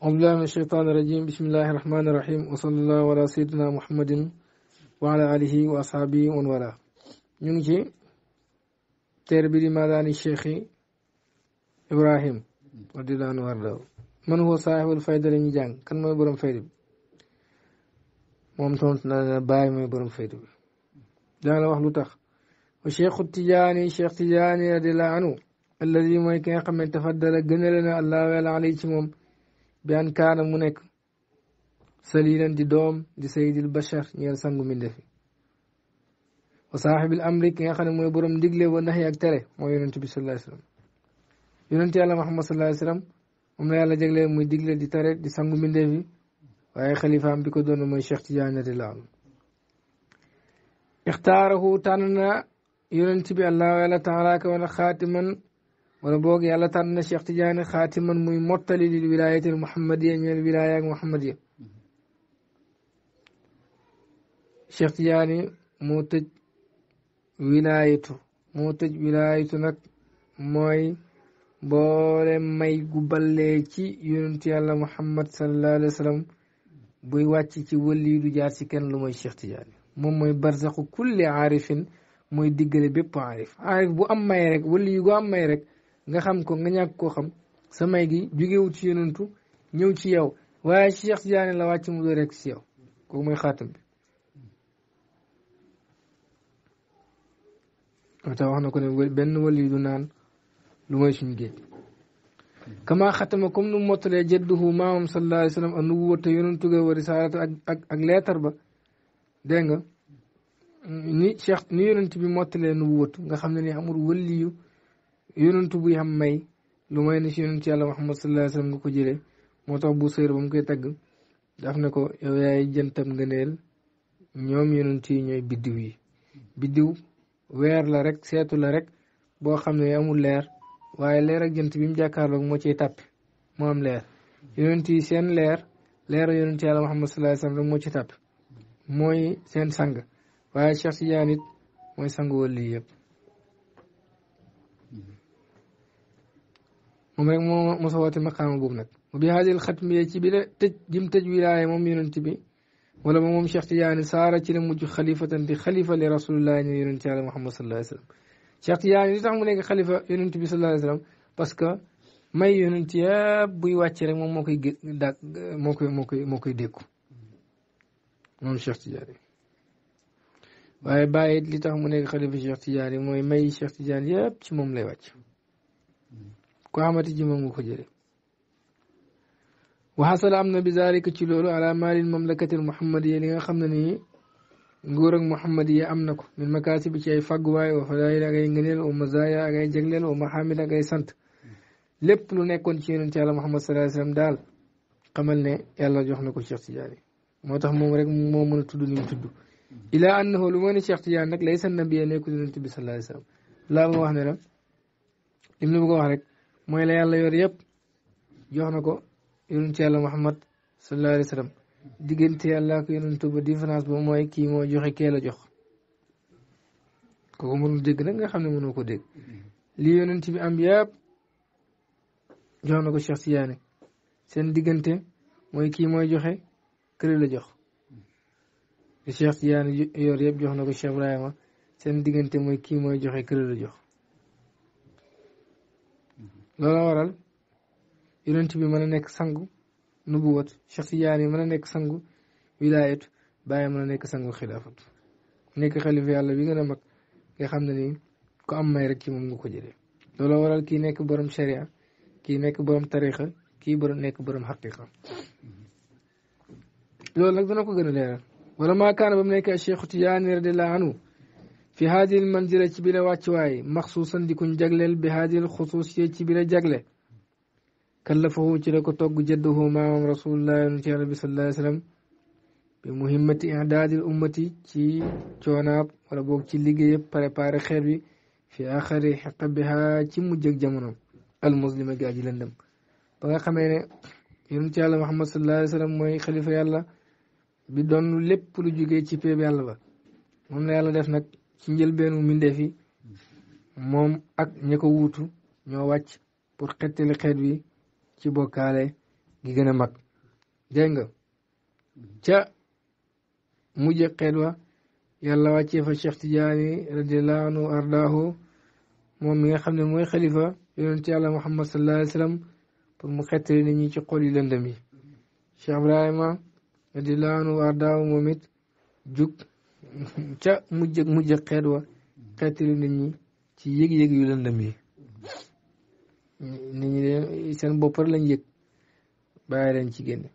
أعوذ بالله من الشيطان الرجيم بسم الله الرحمن الرحيم وصلى الله على سيدنا محمد وعلى آله وأصحابه ومن والاه نجي تربيري مالان الشيخ إبراهيم رضي الله عنه وارضاه من هو صاحب الفائدة لنجان كان ما يبرم فائدة مومتون تنانا باي ما يبرم فائدة دعنا واحد لتخ وشيخ التجاني شيخ تجاني رضي الله عنه الذي ما يكن يقم تفضل جنرنا الله وعلى عليه بأن كان منك سليلا دي دوم دي سيد البشر نير سانغو من دفي وصاحب الأمر كي يخان مو يبرم دقلي ونهي أكتره مو يرنت بي صلى الله عليه وسلم يرنت على محمد صلى الله عليه وسلم ومن يالا جغلي مو يدقلي دي تره دي سانغو من دفي وآي خليفة هم بيكو دون مو يشيخ تجانة دلال اختاره تاننا يرنت بي وعلا تعالى كوانا خاتما wala boog yàlla tànn na Cheikh Tidiane xaatiman muy mottali lil wilaayatil muhammadiya ñeel wilaaya ak muhammadiya moo tëj wilaayatu moo tëj wilaayatu nag mooy boole may gu ballee ci yonent yàlla muhammad sallallahu alayhi wa sallam ci wëlli du jaar ci kenn lu mooy Cheikh Tidiane moom mooy barzaxu kulli aarifin mooy diggale bépp aarif aarif bu am may rek wëlli yu gu am may rek nga xam ko nga ñàkk koo xam sa may gi jógewut ci yonantu ñëw ci yow waaye ci Cheikh Tidiane la wàcc mu doo rek ci yow kooku mooy xaatam bi wata wax na ko ne benn wali du naan lu comme nu mottalee jadduhu maamam sallallahu alayhi wa sallam annubuwata yonantu ga wa risaalatu ak ak ak leetar ba dégg nga ni Cheikh ni yonent bi mottalee nubuwatu nga xam ne ni amul waliyu yonentu buy xam may lu may ne si yonentu yàlla Muhammad sallallahu alayhi wa sallam nga ko jëlee moo tax bu sëyr ba mu koy tagg daf ne ko yow yaay jëntam ngëneel ñoom yonent ñooy biddiw yi biddiw weer la rek seetu la rek boo xam ne amul leer waaye leer ak jënt bi mu jàkkaarloog moo ciy tàppi moo am leer seen leer leeru yonent yàlla Muhammad sallallahu alayhi moo ci tàppi mooy seen sang waaye Cheikh Tidiane it mooy sangu wàll yi yëpp moom rek moo mos a woote maqaama boobu nag bi haadil xatmiya ci bi la tëj jim tëj wilaaya moom yonent bi wala moom Cheikh Tidiane saara ci la mujj xalifatan di xalifa li rasulullah ñu yonent yàlla Muhammad sallallahu alayhi wa sallam Cheikh Tidiane li tax mu nekk xalifa yonent bi sallallahu alayhi wa sallam parce que may yonent yëpp buy wàcc rek moom moo koy gé daag moo koy moo koy moo koy dékku moom Cheikh Tidiane waaye bàyyi li tax mu nekk xalifa Cheikh Tidiane mooy may Cheikh Tidiane yëpp ci moom lay wàcc ko xamati ji moom nga ko jële waxasala am na bi zalika ci loolu ala malil mamlakatil muhammadiya li nga xam ne nii nguur ak muhammadiya am na ko min makaasi bi ci ay fàgguwaay wa fadaayil ak ay ngëneel wa mazaya ak ay jagleel wa mahamid ak ay sant lépp lu nekkoon ci yonent yàlla muhammad sallallahu alayhi wasallam daal xamal ne yàlla jox na ko Cheikh Tidiane moo tax moom rek moo mën a tudd ni mu tudd ilaa annahu lu moo ne Cheikh Tidiane nag laysa nabiyya bi sallallahu alayhi wasallam wax ne la li mu a wax rek mooy la yàlla yor yëpp jox na ko yonent yàlla Muhammad sallallahu alayhi wa sallam diggante yàlla ko yonent ba différence ba mooy kii moo joxe kee la jox kooku mënul dégg nag nga xam ne mënoo ko dégg lii yonent bi am yëpp jox na ko Cheikh Tidiane seen diggante mooy kii mooy joxe kële la jox Cheikh Tidiane yor yëpp jox na ko Cheikh Ibrahima seen diggante mooy kii mooy joxe kële la jox loola waral yonent bi mën a nekk sangu nubuwat Cheikh Tidiane mën a nekk sangu wilaayatu Baye mën a nekk sangu xilaafatu nekk xalifa yàlla bi gën a mag nga xam na ni ku am may ci moom nga ko jëlee loola waral kii nekk borom sharia kii nekk borom tarixa kii borom nekk borom xaqiqa loolu nag dana ko gën a leeral wala maa kaana ba mu nekk Cheikh Tidiane radiyallahu anhu fi haadil manzila ci bi la wàccuwaay maxsuusan di kuñ jagleel bi haadil xusuusiya ci bi la jagle kallafahu ci la ko togg jëdduhu maamam rasulullah yonent yàlla bi sallallahu alayhi wasallam bi muhimmati i'daadil ci coonaab wala boog ci liggéey yëpp préparé xeet bi fi ci mujj ak jamono al muslima gi aji lëndëm ba nga xamee ne yonent yàlla muhammad sallallahu alayhi wasallam mooy yàlla bi doon lépp lu jugee ci péeb yàlla ba moom la yàlla ci njëlbeenu mbindeef yi moom ak ña ko wuutu ñoo wàcc pour xettali xeet wi ci bokkaale gi gën a mag dégg nga ca mujj xeet wa yàlla wàccee fa Cheikh Tidiane radiallahu anhu ardaahu moom mi nga xam ne mooy xalifa yonent yàlla Muhammad sallallahu alayhi wa sallam pour mu xettali nit ñi ci xol yi lëndëm yi Cheikh Ibrahima radiallahu anhu ardaahu moom it jug ca mujj mujj xeet wa xeetali nit ñi ci yëg-yëg yu lëndëm yi nit ñi de seen bopp lañ yëg bàyyi leen ci génne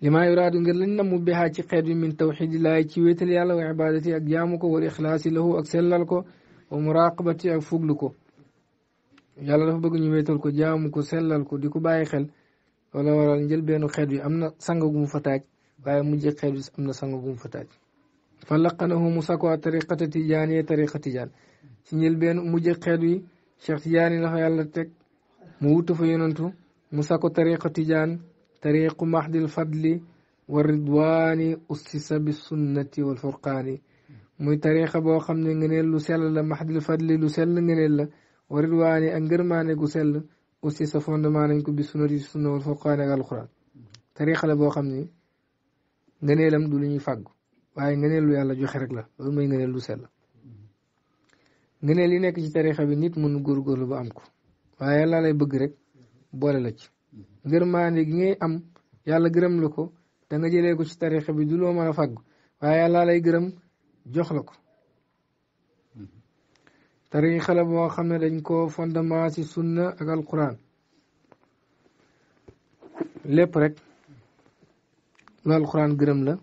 li maa yuraadu ngir lañ namu bihaa ci xeet bi min tawxidillahi ci wéetal yàlla wa ibadati ak jaamu ko wal ixlaasi lahu ak sellal ko wa muraqabati ak fuglu ko yàlla dafa bëgg ñu wéetal ko jaamu ko sellal ko di ko bàyyi xel wala waral njël benn xeet bi am na sang waaye mujj xeet bis am na sang bu mu fa taaj fa laqanahu mu sakoo tariqata tijaan yee tariqa tijaan si njëlbeen mujj xeet wi Cheikh Tijaan la yàlla teg mu wutu fa yonantu mu sakoo tariqa tariqu mahdil fadli wa ridwaani ussisa bi sunnati wal furqaani muy tariqa boo xam ne lu sell la mahdil fadli lu sell ngëneel la wa ridwaani ak ngërmaane gu sell ussisa fondement nañ ko bi sunnati sunna wal furqaani ak alquran tariqa la boo xam ngëneelam du lu ñuy fàggu waaye ngëneel yàlla joxe rek la loolu mooy ngëneel lu sell ngëneel yi nekk ci tarixa bi nit mënu góorgóorlu ba am ko waaye yàlla lay bëgg rek boole la ci ngërmaande gi ngay am yàlla gërëm la ko da nga jëlee ko ci tarixa bi du loo mën a fàggu waaye yàlla lay gërëm jox la ko tarixa la boo xam ne dañ ko fondement ci sunna ak alquran lépp rek لال قرآن قرم لا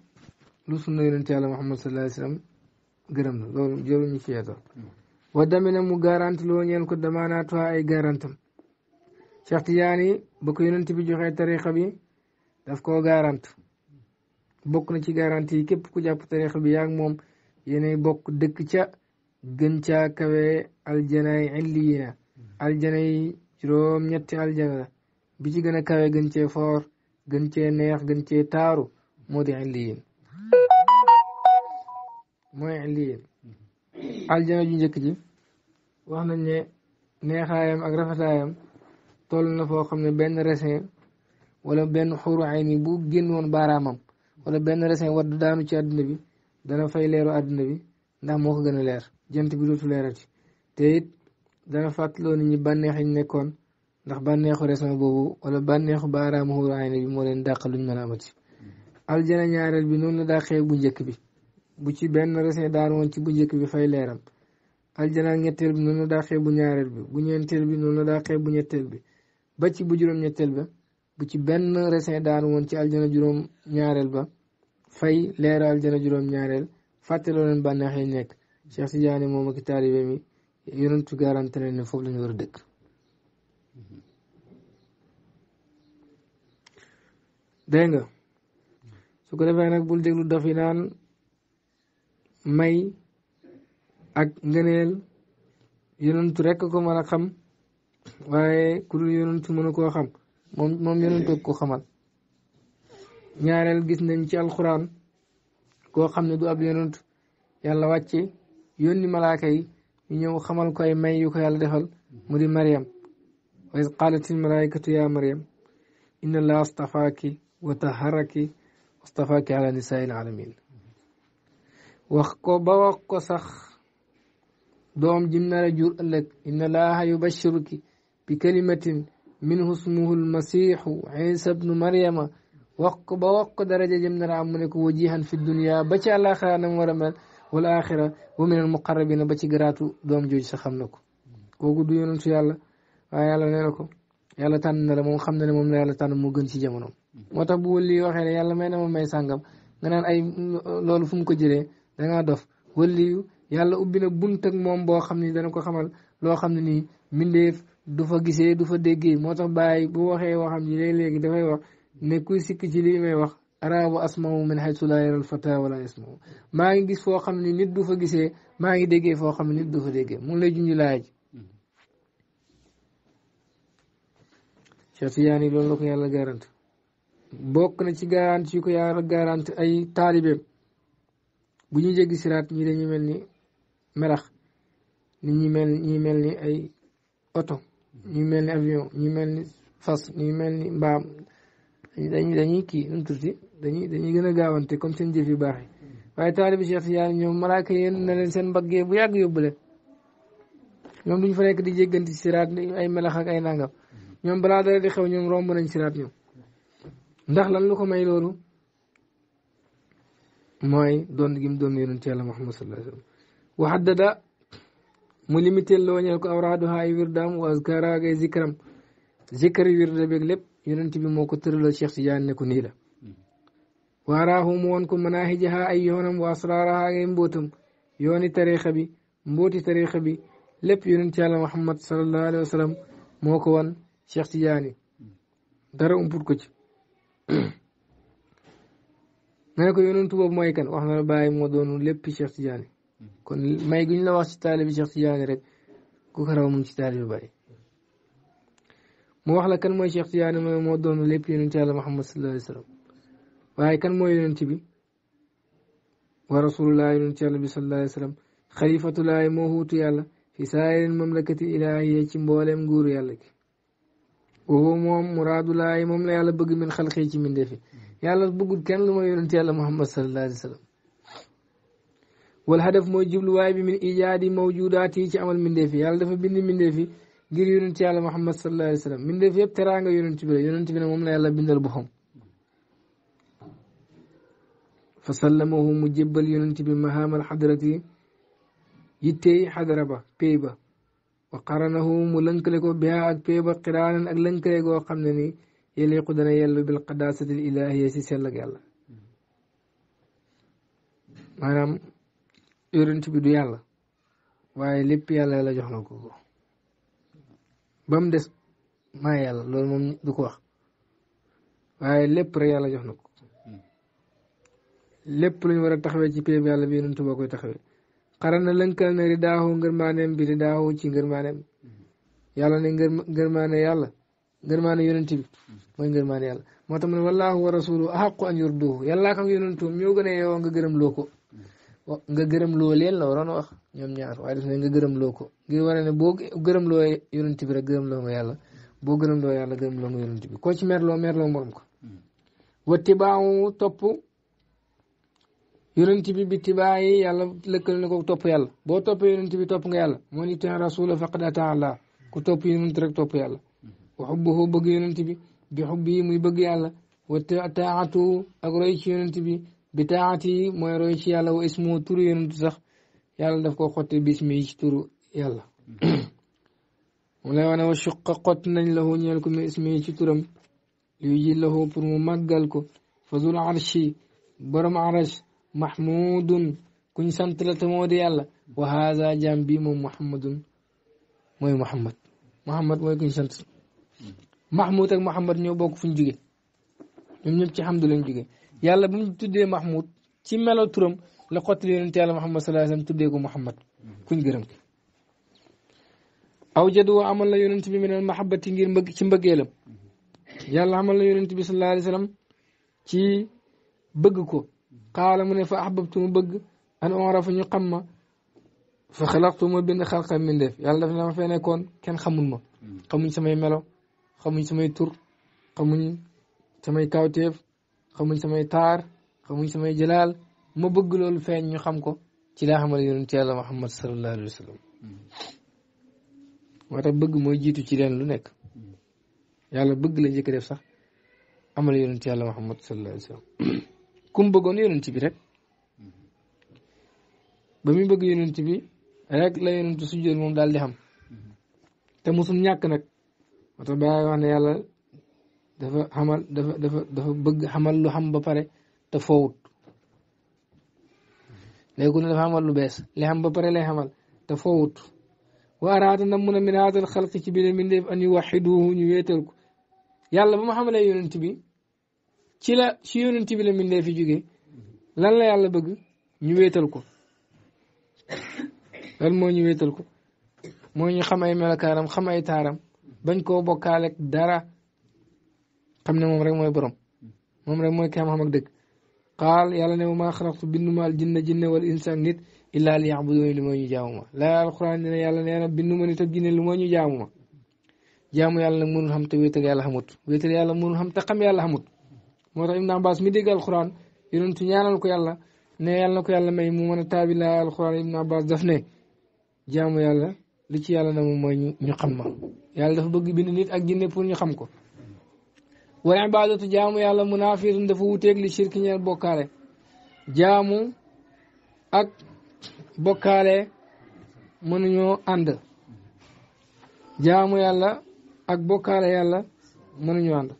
لسنة ينتهى على محمد صلى الله عليه وسلم قرم لا لول جبل نشيا ذا ودمنا مقارنت لون ين قدمانا توا أي قارنتم شخص يعني بكو ينتبه جو خير تاريخ بي دفكو قارنت بوك نتي قارنتي كيب كو جاب تاريخ بي يعني موم يني بوك دكتا جنتا كوي الجناي عليا الجناي جروم نتي الجناي بيجي جنا كوي جنتي فور gën cee neex gën cee taaru moo di illiyin mooy illiyin aljana ju njëkk ji wax nañ ne neexaayam ak rafetaayam toll na foo xam ne benn resin wala benn xuru ay ni bu génnoon baaraamam wala benn resin wadd daanu ci àdduna bi dana fay leeru àdduna bi ndax moo ko gën a leer jant bi dootu leerati te it dana fàttaloo nit ñi bànneex yi nekkoon ndax bànneexu resma boobu wala bànneexu baaraamu raay bi moo leen dàq luñ mën a amati ñaareel bi noonu la bu njëkk bi bu ci benn resin daar ci bu njëkk bi fay leeram aljana ñetteel bi noonu bu ñaareel bi bu ñeenteel bi noonu la bu ñetteel bi ba ci bu juróom ba bu ci benn resin daar woon ci aljana juróom ñaareel ba fay leera aljana juróom ñaareel leen bànneex yi nekk Cheikh Tidiane moom ak taalibe mi yonentu garante leen ne foofu la ñu war a dëkk dégg nga su ko defee nag bul déglu daf yi naan may ak ngëneel yonentu rekk ko mën a xam waaye ku dul yonentu mën a koo xam moom moom yonentu ko xamal ñaareel gis nañ ci alxuraan koo xam ne du ab yonent yàlla wàcce yónni malaaka yi ñu ñëw xamal ko ay may yu ko yàlla defal mu di Mariam وإذ قالت الملائكة يا مريم إن الله اصطفاك وطهرك واصطفاك على نساء العالمين wax ko ba wax ko sax doom jim nar a jur ëllëg inna laaha yubashiruki bi kalimatin minhu smuhu almasihu isa bnu maryama wax ko ba wax ko daraja jëm nar a am mu ne ko wajihan fi dunia ba ci àlaxira nam war a mel wal axira wa min almuqarrabina ba ci garaatu doom jooju sax xam na ko kooku du yonentu yàlla waaye yàlla may na ko yàlla tànn na la moom xam na ne moom la yàlla tànn moo gën ci jamono moo tax bu wëlli waxee ne yàlla may na ma may sàngam nga naan ay loolu fu mu ko jëlee dangaa dof wëlliyu yàlla ubbi na bunt moom boo xam ni dana ko xamal loo xam ne nii mbindeef du fa gisee du déggee moo tax bàyyi bu waxee waxam ji léeg-léegi dafay wax ne kuy sikk ci lii may wax araabu asmahu min haytu laa yaral fata wala yasmahu maa ngi gis foo xam ne nit du fa gisee maa ngi déggee foo xam ne nit du fa déggee mu ngi lay junj laaj Chatiyaan yi loolu la ko yàlla garante bokk na ci garante yu ko yàlla garante ay taalibeem bu ñuy jéggi siraat ñi dañuy mel ni melax nit ñi mel ñi mel ni ay oto ñi mel ni avion ñi mel ni fas ñi mel ni mbaam dañuy dañuy kii nu mu tuuti dañuy dañuy gën a gaawante comme seen jëf yu baax yi waaye taalibi Chatiyaan ñoom malaaka yéen na leen seen mbaggee bu yàgg yóbbu leen ñoom duñ fa nekk di jégganti siraat ay melax ak ay nangam. ñoom balaa dara di xew ñoom romb nañ siraat ñoom ndax lan lu ko may loolu mooy doon gim doon yonent yàlla Muhammad sallallahu alayhi wa sallam wa haddada mu limité loo ñeel ko awraaduha ay wirdaam wa azkaara ak ay zikram zikari wirda beeg lépp yonent bi moo ko tëralal Cheikh Tidiane ne ko nii la waaraahu mu woon ko manaahijaha ay yoonam wa asraaraha ay mbootam yooni tariixa bi mbooti tariixa bi lépp yonent yàlla Muhammad sallallahu alayhi wa sallam moo ko wan Cheikh Tidiane dara umput ko ci nga ne ko yonentu boobu mooy kan wax na la bàyyi moo doonu lépp Cheikh Tidiane kon may gi ñu la wax ci taalibi Cheikh Tidiane rek ku ko raw mu ci taalibi bàyyi mu wax la kan mooy Cheikh Tidiane mooy moo doonu lépp yonentu yàlla Muhammad sallallahu alayhi wa sallam waaye kan mooy yonent bi wa rasulullah yonent yàlla bi sallallahu alayhi wa sallam xalifatulaay moo huutu yàlla fi saayirin mamlakati ilaahiya ci mbooleem nguuru yàlla gi woowu moom muraadulaayi moom la yàlla bëgg min xalqi ci min defi yàlla bëggul kenn lu ma yonent yàlla muhammad sallallahu alayhi wa sallam wal hadaf mooy jubluwaay bi min ijaadi mawjudaat ci amal mindeefi yàlla dafa bind mindeefi ngir yonent yàlla muhammad sallallahu alayhi wa sallam mindeefi yëpp teraanga yonent bi la yonent bi ne moom la yàlla bindal boppam fa sallamahu mu jébbal yonent bi mahaamal xadarati yittey xadara ba pay ba wa qaranahu mu lënkale ko biha ak pee ba xiraanan ak lënkale goo xam ne ni yeliqu dana yellu bil qadaasatil ilaahiya si sell ak yàlla maanaam yonent bi du yàlla waaye lépp yàlla la jox na ko ko ba mu des maa yàlla loolu moom du ko wax waaye lépp rek yàlla jox na ko lépp lu ñu war taxa taxawee ci péeb yàlla bi yonent boo koy taxawee xarana lënkal na ridaahu ngërmaaneem bi ridaahu ci ngërmaaneem yàlla ne ngërmaane yàlla ngërmaane yonent bi mooy ngërmaane yàlla moo tax mu ne wallaahu wa rasuluhu ahaqu an yurduhu yàllaa kam yonentuum ñoo gën a yeewoo nga gërëm loo ko nga gërëm loo leen la waroon wax ñoom ñaar waaye daf ne nga gërëm loo ko ngir wane ne boo gërëm loo yonent bi rek gërëm loo nga yàlla boo gërëm loo yàlla gërëm loo nga yonent bi koo ci merloo merloo morom ko wattibaawu topp yonent bi bi tibaayi yàlla lëkkal na ko topp yàlla boo toppee yonent bi topp nga yàlla man itin rasula faqad ata allah ku topp yonent rek topp yàlla wa xubbuhu bëgg yonent bi bi xubbi muy bëgg yàlla wa taatu ak roy ci yonent bi bi taati mooy roy ci yàlla wa ismu turu yonent sax yàlla daf ko xotte bismi ci turu yàlla mu lay wane wa suqa xott nañ lahu ñeel ko mi ismi ci turam yu ji lahu pour mu màggal ko fazul arshi borom arash mahmudun kuñ sant la te moo di yàlla wa haza jaam bii moom muhammadun mooy muhammad muhammad mooy kuñ sant mahmud ak muhammad ñoo bokk fuñ jóge ñoom ñëpp ci hamdu lañ jóge yàlla bu mu tuddee mahmud ci melo turam la xottali yonent yàlla muhammad sallallahu alayhi wasallam tuddee ko muhammad kuñ gërëm aw jadu amal la yonent bi minal mahabbati ngir mbëgg ci mbëggeelam yàlla amal la yonent bi sallallahu alayhi wasallam ci bëgg ko قال من فأحببت مبج أن أعرف أن يقم فخلقت مبين خلقا من ذلك يعني لفنا ما فينا يكون كان خمون ما خمون سمي ملو خمون سمي تور خمون سمي كاوتيف خمون سمي تار خمون سمي جلال مبج لول فين يخمكو تلا حمل يونتي الله محمد صلى الله عليه وسلم wata bëgg mooy jiitu ci leen lu nekk yàlla bëgg la njëkk def sax amal yonent yàlla muhammad sallallahu alayhi wa sallam kum bëggoon yonent bi rek ba muy bëgg yonent bi rek la yonent sujjóot moom daal di xam te mosum ñàkk nag moo tax bàyyi wax ne yàlla dafa xamal dafa dafa dafa bëgg xamal lu xam ba pare te foowut léegi ku ne dafa xamal lu bees li xam ba pare lay xamal te foowut wa araada na mun a min haatal xalqi ci bi ne min an yu ñu wéetal ko yàlla ba ma xamalee yonent bi ci la ci yonent bi la mindee fi jóge lan la yàlla bëgg ñu wéetal ko lan mooy ñu wéetal ko moo ñu xam ay melokaanam xam ay taaram bañ koo bokkaaleeg dara xam ne moom rek mooy borom moom rek mooy kaam xam ak dëgg qaal yàlla ne ma xalaqtu binduma al jinna jinne wal insan nit illaa li yaabudooni lu moo ñu jaamuma la alquran ne yàlla nee na binduma nit ak jinne lu moo ñu jaamuma jaamu xam te wéetal yàlla xamut wéetal yàlla mënul xam te xam yàlla xamut moo tax Ibn Abbas mi dégg alxuraan yonentu ñaanal ko yàlla ne yàlla na ko yàlla may mu mën a taabi laa alxuraan Ibn Abbas daf ne jaamu yàlla li ci yàlla na moom mooy ñu xam ma yàlla dafa bëgg bind nit ak jinne pour ñu xam ko wala ibaadatu jaamu yàlla dafa wuteeg li shirki ñeel bokkaale jaamu ak bokkaale mënuñoo ànd jaamu yàlla ak bokkaale yàlla mënuñoo ànd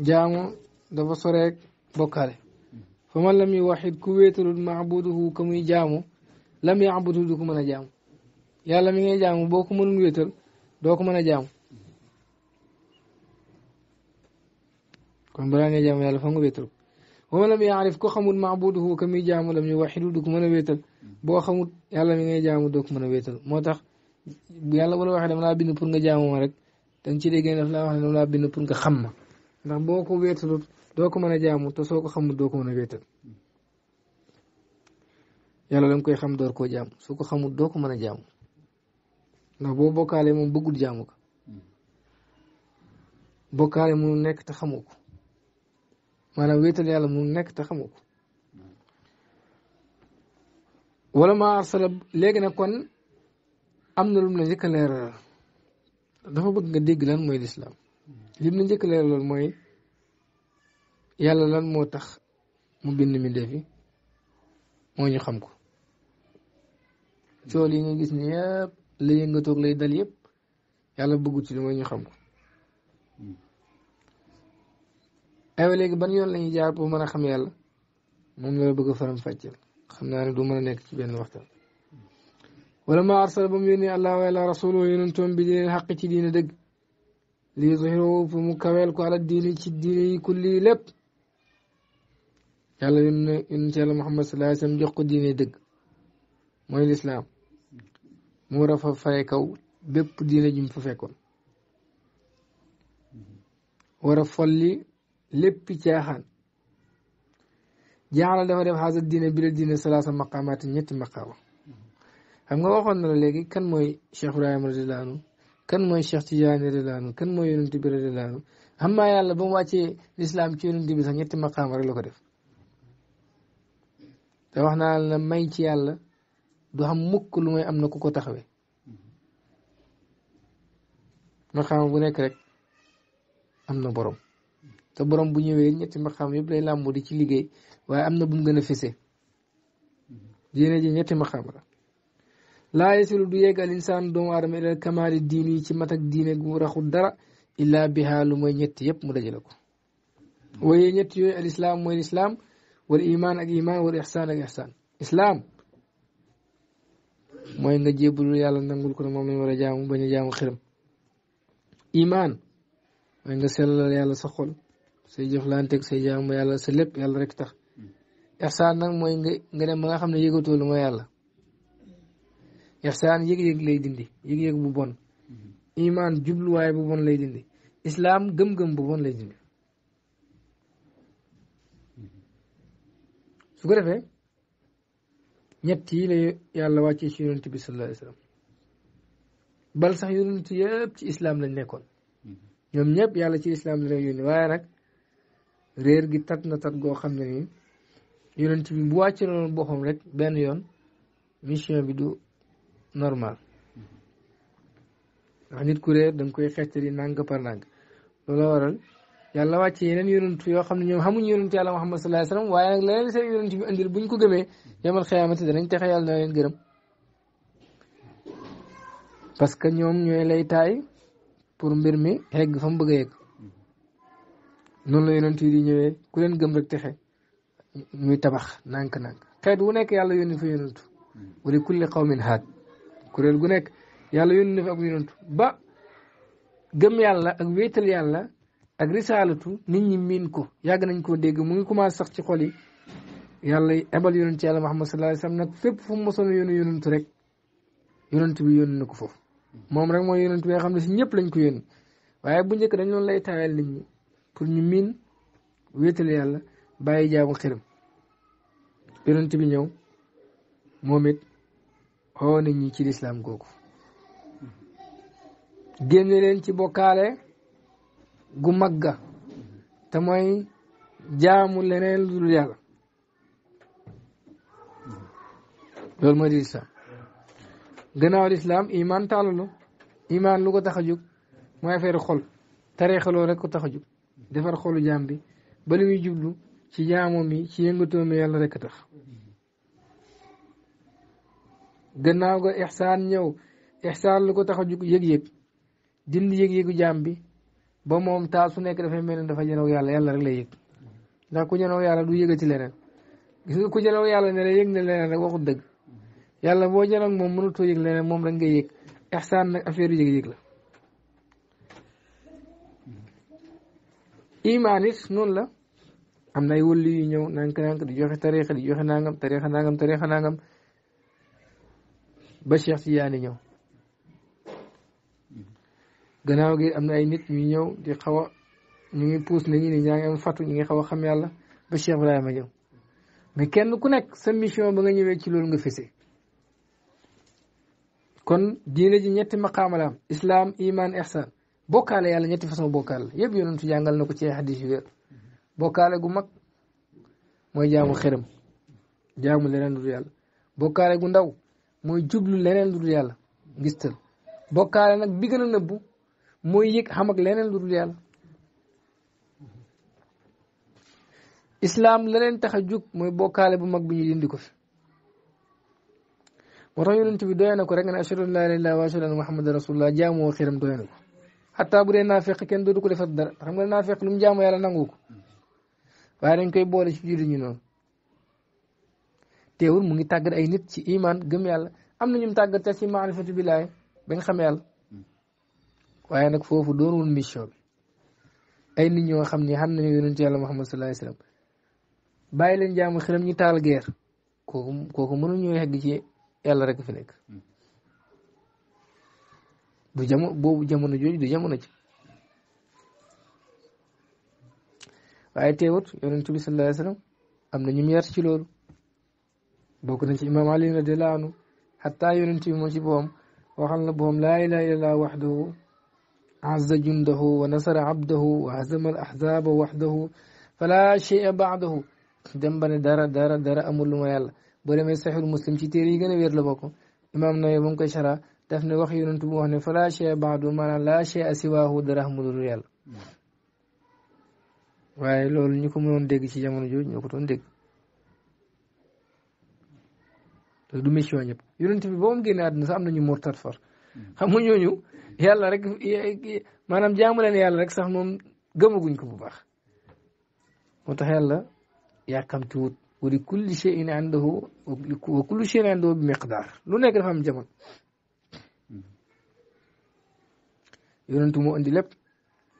jaamu dafa soreek bokkaale fa man lam yuwaxid ku wéetalul maabuduhu ka muy jaamu lam yaabudu du ko mën a jaamu yàlla mi ngay jaamu boo ko mënul wéetal doo ko mën a jaamu kon balaa ngay jaamu yàlla fa nga wéetal ko wa man lam yaarif ko xamul maabuduhu ka muy jaamu lam yuwaxidu du ko mën a wéetal boo xamul yàlla mi ngay jaamu doo ko mën a wéetal moo tax yàlla bu la waxee dama laa bind pour nga jaamu ma rek danga ci déggee daf laa wax ne dama laa bind pour nga xam ma ndax boo ko wéetalut doo ko mën a jaamu te soo ko xamul doo ko mën a wéetal koy xam door koo jaamu soo ko xamul doo ko mën a jaamu ndax boo bokkaale moom bëggul jaamu ko bokkaale mu nekk te xamu ko maanaam wéetal yàlla mu nekk ta xamu ko wala ma arsala léegi nag kon am na lu mu la njëkk a dafa bëgg nga dégg lan mooy lislaam lim na njëkk leer loolu mooy yàlla lan moo tax mu bind mbindéef yi moo ñu xam ko cool yi nga gis ne yëpp la yëngatoog lay dal yëpp yàlla bëggut ci li mooy ñu xam ko aywa léegi ban yoon lañuy jaar pour mën a xam yàlla moom la bëgg a faram fàcceel xam naa ne du mën a nekk ci benn waxtaan wala ma arsala ba mu yónnee allah wa ala rasuluhu yonentoom bi di leen xaq ci diina dëgg lii zuhiru fu mu kaweel ko diini ci diini kulli lépp yàlla yun yun ci yàlla Muhammad jox ko diine dëgg mooy lislaam mu war a kaw bépp diine jum fa fekkoon war a folli léppi caaxaan jaaxal dafa def xaasa diine bi la diine salaasa maqaamaati ñetti maqaama xam nga waxoon na la kan mooy Cheikh Ibrahima radiyallahu kan mooy Cheikh Tidiane radiyallaahu anhu kan mooy yonent bi radiyallaahu anhu xam naa yàlla ba mu wàccee lislaam ci yonent bi sax ñetti maqaama rek la ko def te wax naa la may ci yàlla du xam mukk lu may am na ku ko taxawee maqaama bu nekk rek am na boroom te borom bu ñëwee ñetti maqaama yëpp lay làmbu di ci liggéey waaye am na bu mu gën a fese diine ji ñetti maqaama la laa yasilu du yegg al insaan doomu aadama ilal kamaali diin ci mat ak diine gu raxul dara illaa bihaa lu mooy ñett yëpp mu dajale ko waaye ñett yooyu al islaam mooy islaam wala imaan ak imaan wala ixsaan ak ixsaan islaam mooy nga jébbalul yàlla nangul ko ne moom lañ war a jaamu bañ imaan mooy nga sellal yàlla sa xol say jëflanteeg say jaamu yàlla sa lépp yàlla rek tax ixsaan nag mooy nga nga dem ba nga xam ne yëgatoo lu ma yàlla ihsaan yëg lay dindi yëg-yëg bu bon iman jubluwaay bu bon lay dindi islaam gëm-gëm bu bon lay dindi su ko defee ñett yi la yàlla wàccee ci yonent bi sallallahu bal sax yonent yëpp ci islaam lañ nekkoon ñoom ñëpp yàlla ci islaam la yónni waaye nag réer gi tat na tat goo xam ne nii yonent bi bu wàcce loolu boppam rek benn yoon mission bi du normal ndax nit ku reer dang nga koy xeccali nang par nang loolu waral yàlla wàcce yeneen yonent yoo xam ne ñoom xamuñ yonent yàlla Muhammad sallallahu alayhi wa sallam waaye nag leneen seen yonent bi andil buñ ko gëmee yamal xiyaamati danañ texe yàlla na leen gërëm parce que ñoom ñooy lay taay pour mbir mi xegg fa mu bëgg a yegg noonu la yonent yi di ñëwee ku leen gëm rek texe muy tabax nank nank xeet wu nekk yàlla yónni fa yonent wala kulli qawmin haad kuréel gu nekk yàlla yónni na fi ak yonantu ba gëm yàlla ak wéetal yàlla ak risaalatu nit ñi miin ko yàgg nañ koo dégg mu ngi commencé sax ci xol yi yàlla ebal yonantu yàlla Muhammad sallallahu alayhi wasallam nag fépp fu mu mosoon yónni yonantu rek yonantu bi yónni na ko foofu moom rek mooy yonantu bi xam ne si ñëpp lañ ko yónni waaye bu njëkk dañ loonu lay taayal nit ñi pour ñu miin wéetal yàlla bàyyi jaamu xiram yonantu bi ñëw moom oo nit ñi ci lislaam googu génne ci bokkaale gu magga te mooy jaamu leneen lu dul yàlla loolu mooy di lislaam gannaaw lislaam imaan tàllalu imaan lu ko tax a jóg mooy affaire xol tareexaloo rek tax a jóg defar xolu jaam bi ba li jublu ci jaamoom yi ci yëngatoom yàlla rek tax gannaaw ga ixsaan ñëw ixsaan lu ko tax a jug yëg-yëg dindi yëg-yëgu jaam bi ba moom taa su nekk dafay mel ne dafa jënoog yàlla yàlla rek lay yëg ndax ku jënoog yàlla du yëgati leneen gis ku jënoog yàlla ne la yëg ne leneen waxut dëgg yàlla boo jënoog moom mënutoo yëg leneen moom rek ngay yëg ixsaan nag affaire yëg-yëg la imaan it noonu la am na ay wëlli yu ñëw nank nank di joxe tariixa di joxe nangam tariixa nangam tariixa nangam ba Cheikh Tidiane ñëw gannaaw gi am na ay nit ñu ñëw di xaw a ñu ngi puus nañu ne ñaa ngi am fatu ñu ngi xaw a xam yàlla ba Cheikh Ibrahima ñëw mais kenn ku nekk sa mission ba nga ñëwee ci loolu nga fese kon diine ji ñetti maqaama la am islam iman ihsan bokkaale yàlla ñetti façon bokkaale la yëpp yonentu jàngal na ko ci hadis yu wér bokkaale gu mag mooy jaamu xërëm jaamu leneen du yàlla bokkaale gu ndaw mooy jublu leneen lu dul yàlla ngistal bokaale nag bi gën a nëbbu mooy yëg leneen lu dul yàlla islaam leneen tax a jug mooy bokkaale bu mag bi ñu dindi ko fi moo tax yonent bi doy na ko rek nga ne ashhadu laa ilaaha illallaah wa ashhadu anna muhammadan rasulullah jaamu woo xiram doy na ko xataa bu dee naafeq kenn dootu ko defat dara xam nga naafeq lu mu jaamu yàlla nangu ko waaye dañ koy boole ci jullit ñi noonu teewul mu ngi tàggat ay nit ci iman gëm yàlla am na ñu mu tàggat ci maarifatu billaay ba nga xam yàlla waaye nag foofu doonul mission bi ay nit ñoo xam ni xam nañu yonentu yàlla Muhammad sallallahu leen jaamu xiram ñu taal geer kooku kooku mënuñu rek fi nekk. du jamono boobu jamono jooju du jamono ci yar ci loolu. بوكنا شي إمام علي ندلانو حتى ينتي مشي بهم وخلنا بهم لا إله إلا الله وحده عز جنده ونصر عبده وهزم الأحزاب وحده فلا شيء بعده دمبنا دارا دارا دارا أمر لما يلا بولي مسيح المسلم شي تيري غنى بير لبوكو إمام نايبون كشرا دفن وخي ينتبوه فلا شيء بعده ما لا شيء سواه درهم ريال waaye loolu ñu ko mënoon dégg ci jamono jooju ñoo ko doon dégg parce que du mission ñëpp yonent bi boo mu génne àdduna sax am nañu murtat far mm. xam nga ñooñu yàlla rek maanaam jaamu leen yàlla rek sax moom gëmaguñ ko bu baax moo tax yàlla yàkkamti wut wa li kulli shay'in indahu wa kullu shay'in indahu bi miqdaar lu nekk dafa am jamono yonentu moo indi lépp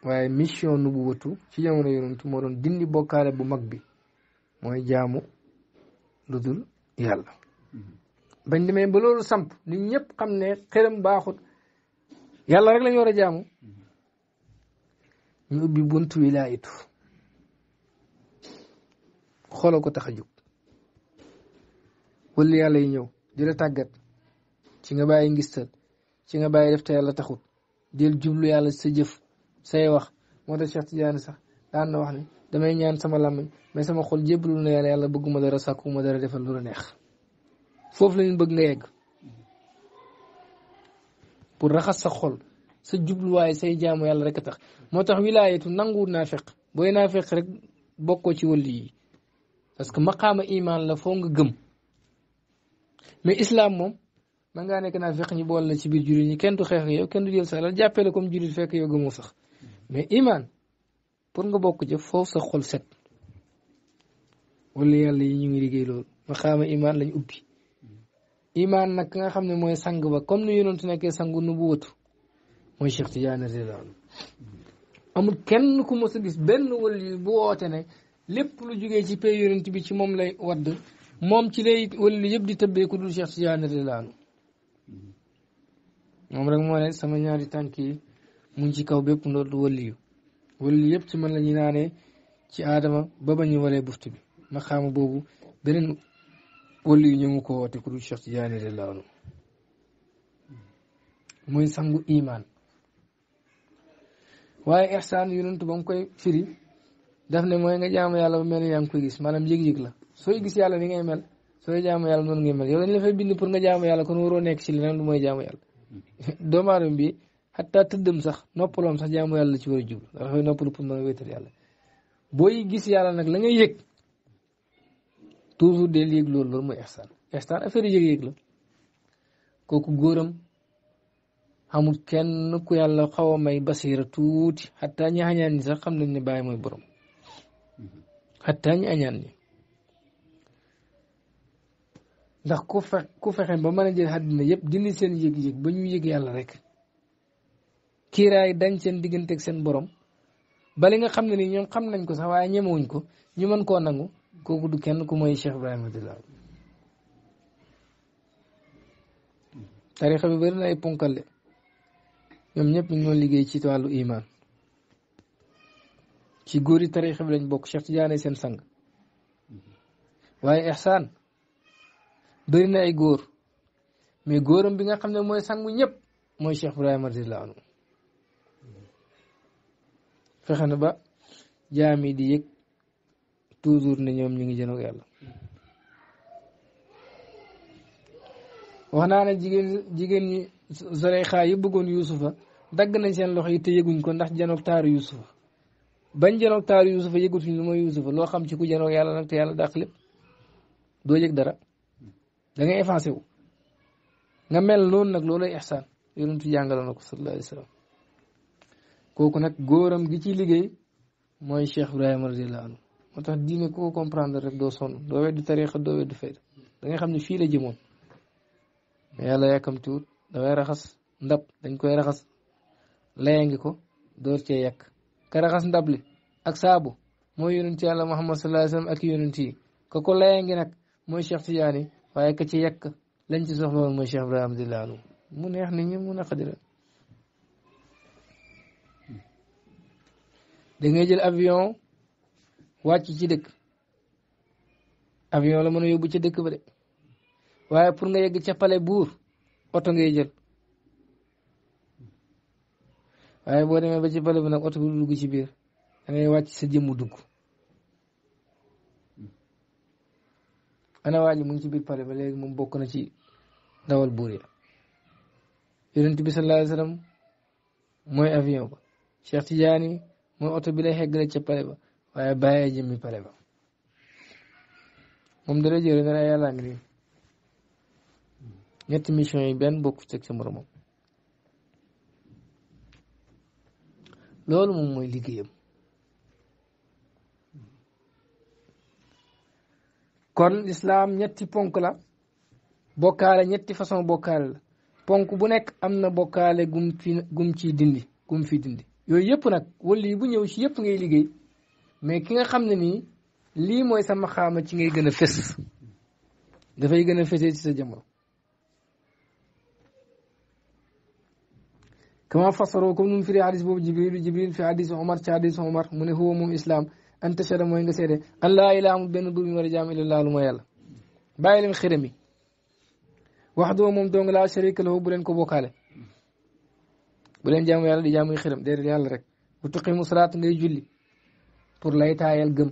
waaye mission nu bu wëtu ci jamono yonentu moo doon dindi bokkaale bu mag bi mooy jaamu lu dul yàlla mm-hmm. bañ demee ba loolu samp nit ñëpp xam ne xëram baaxut yàlla rek lañu war a jaamu ñu ubbi buntu wilaayitu xooloo ko tax a jug wala yàlla yi ñëw di tàggat ci nga bàyyi ngistal ci nga bàyyi def te yàlla taxut del jublu yàlla sa jëf say wax moo tax Cheikh Tidiane sax daan na wax ne damay ñaan sama làmmiñ mais sama xol jébbalul na yàlla yàlla bëgguma dara sàkkuma dara defal lu la neex foofu la bëgg nga yegg pour raxas sa xol sa jubluwaay say jaamu yàlla rek a tax moo tax wilaayatu nanguwul naafiq booy naafiq rek bokkoo ci wàll yi parce que maqaama imaan la foo nga gëm mais islaam moom man ngaa nekk naa fekk ñu boole la ci biir jullit ñi kenn du xeex yow kenn du jël sax la jàppee la comme jullit fekk yow gëmoo sax mais imaan pour nga bokk jëf foofu sa xol set wala yàlla yi ñu ngi liggéey loolu maqaama imaan lañ ubbi ii nag ki nga xam ne mooy sang ba comme ni yonentu nekkee sangu nu bu wëtu mooy Cheikh Tidiane radiyallahu anhu amul kenn ku mos gis benn wali bu woote ne lépp lu jugee ci pay yonent bi ci moom lay wadd moom ci lay wali yëpp di tëbbee ku dul Cheikh Tidiane radiyallahu moom rek moo ne sama ñaari tànk yi mu ngi ci kaw bépp ndootu waliyu wali yëpp ci man la ñu naanee ci aadama ba ba ñu buftu bi maqaama boobu beneen wala yu ñu ngi ko woote ku dul Cheikh Tidiane radiyallaahu anhu mooy sangu imaan waaye ihsaan yonent ba mu koy firi daf ne mooy nga jaamu yàlla ba mel ni yaa gis maanaam yëg la sooy gis yàlla ni ngay mel sooy jaamu yàlla noonu ngay mel yow dañ la fay bind pour nga jaamu yàlla kon waroo nekk ci leneen lu mooy jaamu yàlla doomu aadama bi xataa tëddam sax noppaloom sax jaamu yàlla la ci war a jublu dafay noppalu pour mën a wéetal yàlla booy gis yàlla nag la ngay yëg toujours del yëg loolu loolu mooy ihsaan ihsaan affaire yëg-yëg la kooku góoram xamul kenn ku yàlla xaw a may basiira tuuti xataa ñi añaan ñi sax xam nañ ne bàyyi mooy borom xataa ñi añaan ñi ndax ku fe ku fexe ba mën a jël àddina yëpp dindi seen yëg-yëg ba ñu yëg yàlla rekk kiiraay dañ seen digganteeg seen borom bali nga xam ne ni ñoom xam nañ ko sax waaye ñemewuñ ko ñu mën koo nangu kooku du kenn ku mooy Cheikh Ibrahima Tilala tarixa bi bëri na ay ponkal de ñoom ñëpp ñu ngi liggéey ci wàllu iman ci góor góori tarixa bi lañ bokk Cheikh Tidiane seen sang waaye ihsaan bëri na ay góor mais góoram bi nga xam ne mooy sangu ñëpp mooy Cheikh Ibrahima Tilala fexe na ba jaam yi di yëg. toujours ne ñoom ñu ngi jënoog yàlla wax naa ne jigéen jigéen ñi Zuleyxa yi bëggoon Yuusufa dagg nañ seen loxo yi te yëguñ ko ndax janoog taaru Yuusufa bañ janoog taaru Yuusufa yëgutuñ lu mooy Yuusufa loo xam ci ku janoog yàlla nag te yàlla dàq lépp doo yëg dara da ngay effacé wu nga mel noonu nag loolay ihsaan yonentu jàngale na ko sallallahu alayhi wa sallam kooku nag góoram gi ci liggéey mooy Cheikh Ibrahima radiyallahu moo tax diine ku ko comprendre rek doo sonn doo weddi tariixa doo weddi fayda da nga xam ne fii la jëmoon mais yàlla yàkkamtiwut dafay raxas ndab dañ koy raxas layangi ko door cee yàq ka raxas ndab li ak saabu mooy yonent yàlla Muhammad sallallahu alayhi wa ak yonent yi ka ko layangi nag mooy Cheikh Tidiane waaye ka ci yàq lañ ci soxla woon mooy Cheikh Ibrahima di laalu mu neex nit ñi mu naqadi la da ngay jël avion wàcc ci dëkk avion la mën a yóbbu ca dëkk ba de waaye pour nga yegg ca pale buur oto ngay jël waaye boo demee ba ci pale bi nag oto bi dugg ci biir da ngay wàcc sa jëmmu dugg ana waa ji mu ngi ci biir pale ba léegi moom bokk na ci dawal buur ya yonent bi sallallahu alayhi wasallam mooy avion ba Cheikh Tidiane mooy oto bi lay xeggale ca pale ba waaye bàyyee jëmmi pare ba moom dara jëre dana yàllaa ngi nii ñetti mission yi benn bokku ci ak sa moromam loolu moom mooy liggéeyam kon lislaam ñetti ponk la bokkaale ñetti façon bokkaale la ponk bu nekk am na bokkaale gum fi gum ci dindi gum fi dindi yooyu yëpp nag wala yi bu ñëw ci yëpp ngay liggéey mais ki nga xam ne nii lii mooy sama xaama ci ngay gën a fés dafay gën a fésee ci sa jamono kama fasaro comme nu mu firi hadis boobu jibril jibril fi hadis omar ci hadis omar mu ne huwa moom islam an tashada mooy nga seede an laa ilaaha amul benn buur bi war a jaam illallaa lu ma yàlla bàyyi leen xiram yi wax doo moom dong laa sharika lahu bu leen ko bokkaale bu leen jaamu yàlla di jaamuy xiram déedéet yàlla rek bu tuqimu salaat ngay julli pour lay taayal gëm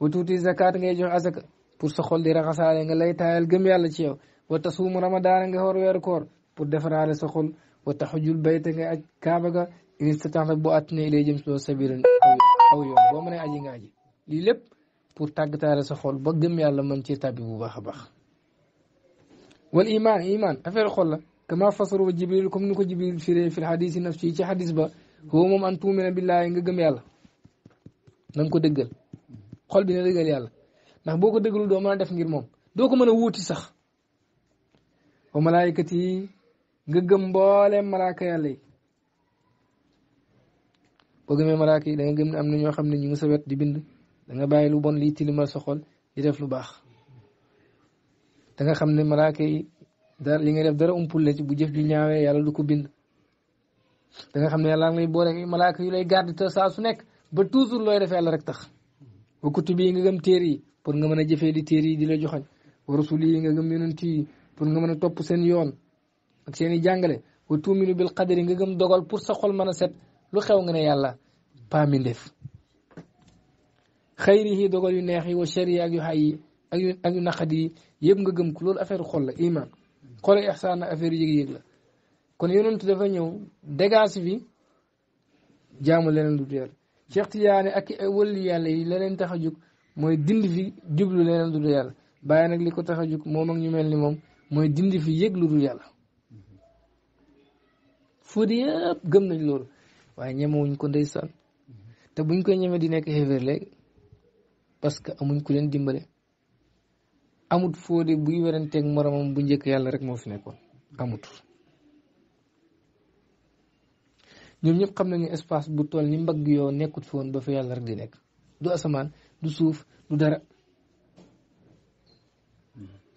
wa tuuti zakat ngay jox asaka pour sa xol di raxasaale nga lay taayal gëm yàlla ci yow wa tasuumu ramadaana nga xoor weeru koor pour defaraale sa xol wa taxujul bayta nga aj kaaba ga in istataxta boo attine ilay jëm soo sabiran aw yoon boo mënee aji nga aji lii lépp pour tàggataale sa xol ba gëm yàlla mën ci tàbbi bu baax a baax wal iman iman affaire xol la kama fasaru jibril comme ni ko jibril firee fil xadis yi nafsi ci xadis ba huwa moom an tuumina billaahi nga na ko dëggal xol bi na dëggal yàlla ndax boo ko dëggalul doo mën def ngir moom doo ko mën a wuuti sax wa malaayikat yi nga gëm malaaka yàlla yi boo gëmee da gëm ne am na ñoo xam ne ñu ngi sa wet di bind danga bàyyi lu bon lii tilimal sa xol di def lu baax da xam ne malaaka yi dara yi nga def dara umpul la bu jëf ju ñaawee yàlla du ko bind da xam ne yàlla ngi lay boole malaaka yu lay garde te saa su nekk ba toujours looy def la rek tax wa kutubi bii nga gëm téere yi pour nga mën a jëfee di téere yi di la joxañ wa rasul yi nga gëm yonent yi pour nga mën a topp seen yoon ak seen i jàngale wa tuuminu bil yi nga gëm dogal pour sa xol mën a set lu xew nga ne yàlla paa mi ndef xayri yi dogal yu neex yi wa shari ak yu yi ak yu ak yu naqadi yi yëpp nga gëm ko loolu affaire xol la iman xole ixsaan ak affaire yëg-yëg la kon yonent dafa ñëw dégage bi jaamu leneen lu dul Cheikh Tidiane ak wëlli yàlla yi la leen tax a jug mooy dindi fi jublu leneen lu dul yàlla bàyyi nag li ko tax a jug moom ak ñu mel ni moom mooy dind fi yëg lu dul yàlla fóot yëpp gëm nañ loolu waaye ñemewuñ ko ndeysaan te buñ koy ñeme di nekk xéeféer léegi parce que amuñ ku leen dimbale amut fóode buy teg moromam bu njëkk yàlla rek moo fi nekkoon amut ñoom ñëpp xam nañu espace bu toll ni mbagg yoo nekkut fi woon ba fa yàlla rek di nekk du asamaan du suuf du dara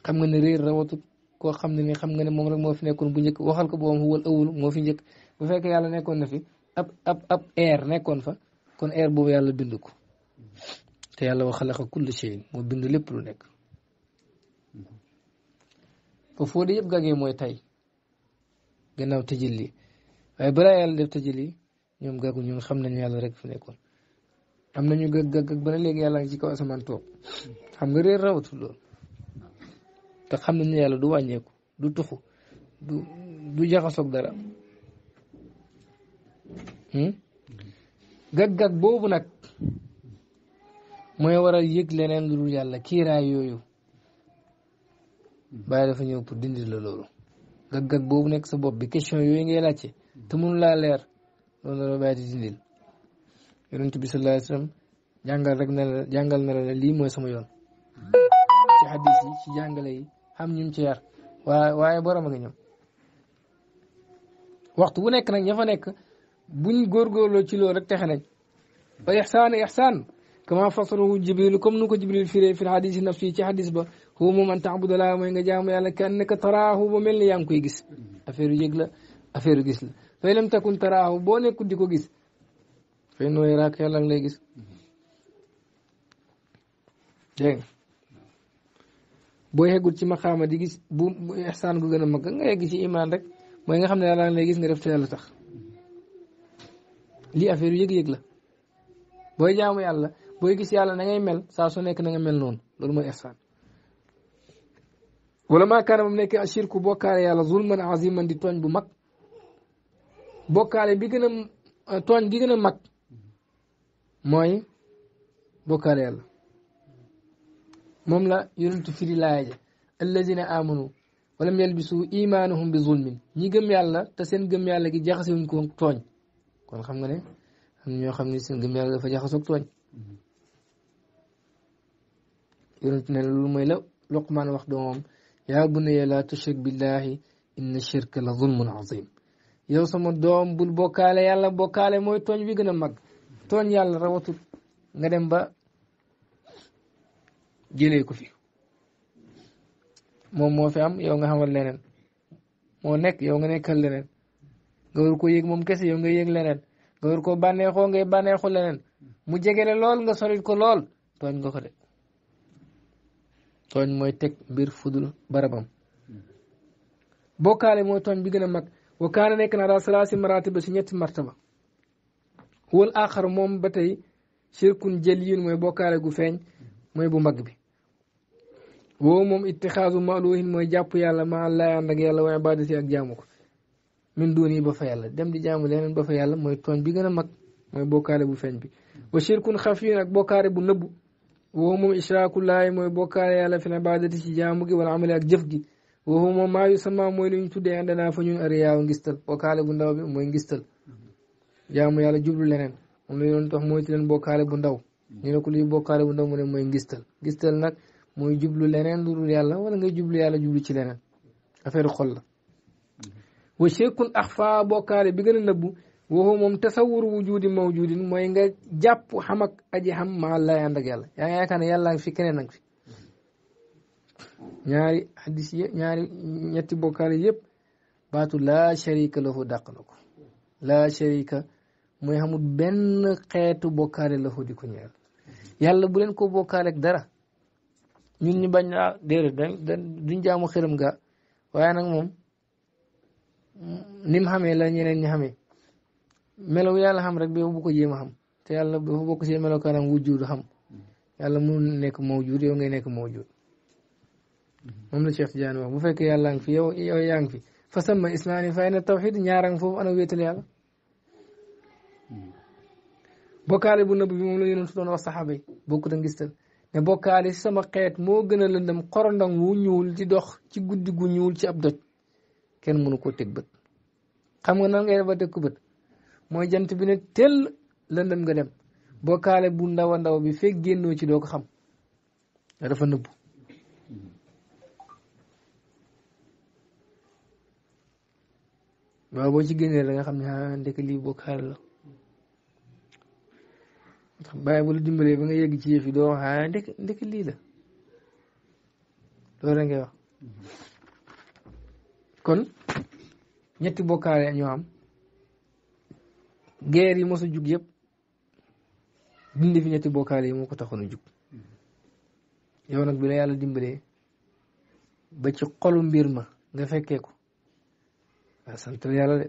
xam nga ne réer rawatut koo xam ne ni xam nga ne moom rek moo fi nekkoon bu njëkk waxal ko boobam wal awul moo fi njëkk bu fekkee yàlla nekkoon na fi ab ab ab air nekkoon fa kon air boobu yàlla bind ko te yàlla wa xalaqa kulla shay'in moo bind lépp lu nekk foofu de yëpp gàggee mooy tay gannaaw tëjël li waaye balaa yàlla def tëjëli ñoom gàggu ñoom xam nañu yàlla rek fu nekkoon am nañu gàgg gàgg ba léegi yàlla ngi ci kaw asamaan toog xam nga réer rawatul loolu te xam nañu yàlla du wàññeeku du tuxu du jaxasoog dara gàgg hmm? gàgg boobu nag mooy war a leneen lu yàlla kiiraay yooyu bàyyi dafa ñëw pour dindi la loolu gàgg nekk sa bopp bi question yooyu ngay laajte te mun laa leer loolu la la bàyyi rek na la jàngal na lii mooy sama yoon ci xadis ci jàngale yi xam ñu ci yar waaye waaye borom a nga ñoom waxtu bu nekk nag ña fa nekk buñ góorgóorloo ci loolu rek texe nañ wa ixsaan ixsaan kama fasalahu jibril comme nu ko jibril firee fi xadis nafsi ci xadis ba huwa moom an taabudalaa mooy nga jaamu yàlla ka annaka taraahu ba mel ni yaa ngi koy gis affaire yu yëg affaire yu gis la fay lam takun taraahu boo nekkul di ko gis fay noo yaraak yàlla nga lay gis dégg nga boo yeggul ci maxaama di gis bu ihsaan gu gën a mag nga yegg ci imaan rek mooy nga xam ne yàlla nga lay gis nga def te yàlla tax lii affaire yu yëg-yëg la booy jaamu yàlla booy gis yàlla na nangay mel saa su nekk na nga mel noonu loolu mooy ihsaan wala maa kaana moom nekk ashirku bokkaale yàlla zulman aziman di tooñ bu mag bokale bi gëna toñ gi gëna a mag mooy bokkaale yàlla mom la yonentu firi laaya ja alladina amanu walam yalbisu imanuhum bi zulmin ñi gëm yàlla te seen gëm yàlla gi jaxasewuñ ko toñ kon xam nga ne am ñoo xam ne seen gëm yàlla dafa jaxasu jaxasoog toñ yonentu ne lu mooy la luqman wax doom ya bunayya la tushrik billahi inna shirka la zulmun azim yow sama doom bul bokkaale yàlla bokkaale mooy tooñ bi gën a mag tooñ yàlla rawatul nga dem ba jëlee ko fi moom moo fi am yow nga xamal leneen moo nekk yow nga nekkal leneen nga war koo yëg moom kese yow nga yëg leneen nga war koo bànneexoo ngay bànneexu leneen mu jegele lool nga sorit ko lool tooñ nga ko tooñ mooy teg mbir fudul barabam bokkaale mooy tooñ bi gën a mag wa kaana nekk na ala salaasi maratiba si ñetti martaba wal axar moom ba tey shirkun jëliyun mooy bokkaale gu feeñ mooy bu mag bi woowu moom ittixaasu maaluhin mooy jàpp yàlla ma allah ak yàlla waaye baada si ak jaamu ko min duuni dem di jaamu leneen ba yàlla mooy tooñ bi gën a mag mooy bokkaale bu feeñ bi wa shirkun xafiyun ak bokkaale bu nëbbu woowu moom ishraakullaahi mooy bokkaale yàlla fi na baadati si jaamu gi wala amale ak jëf gi woowu moom maa yu sama mooy li ñu tuddee àndanaa fa ñun ariyaaw ngistal bokkaale bu ndaw bi mooy ngistal jaamu yàlla jublu leneen moom la mooy ci leen bokkaale bu ndaw ñu ne ko luy mooy ngistal ngistal nag mooy jublu leneen lu dul yàlla wala ngay jublu yàlla jublu ci leneen affaire xol la wa shirkun axfa bokkaale bi gën a nëbbu woowu moom tasawur wujudi mawjudin mooy nga jàpp xam ak aji xam maa lay ànd ak yàlla yaa ngi yaakaar ne yàlla ngi fi keneen nag fi ñaari hadis yëpp ñaari ñetti bokkaale yëpp baatu laa sharika lahu dàq na ko laa sharika mooy xamul benn xeetu bokkaale lahu di ko ñeel yàlla bu leen ko bokkaale ak dara ñun ñu bañ a déedéet dañ jaamu xërëm ga waaye nag moom ni mu xamee la ñeneen ñi xamee melaw yàlla xam rek boobu bu ko jéem a xam te yàlla dafa bokk see melokaanam wujjuudu xam yàlla mu nekk mawjuud yow ngay nekk mawjuud moom la Cheikh Tidiane wax bu fekkee yàlla ngi fi yow yow yaa ngi fi fa sama ismaani fay na tawxid ñaara nga foofu ana wéetal yàlla hmm. bokkaale bu nëbb bi moom la yonent doon wax saxaaba yi bokkut a ngistal ne bokkaale si sama xeet moo gën a lëndëm xorondong wu ñuul di dox ci guddi gu ñuul ci ab doj kenn mënu koo teg bët xam nga nan ngay def ba bët mooy jant bi ne tell lëndëm nga dem boo bokkaale bu ndaw a ndaw bi fekk génnoo ci doo ko xam dafa nëbbu waaw boo ci génnee la nga xam ne ah ndekk lii bokkaal la ndax bàyyi bu la dimbalee ba nga yegg ci yëf yi doo wax ah ndekk ndekk lii la loolu la ngay wax kon ñetti bokkaale ñoo am guerre yi mos a jug yépp dindi fi ñetti bokkaale yi moo ko taxoon a jug yow nag bi la yàlla dimbalee ba ci xolu mbir ma nga fekkee ko waaw sant yàlla de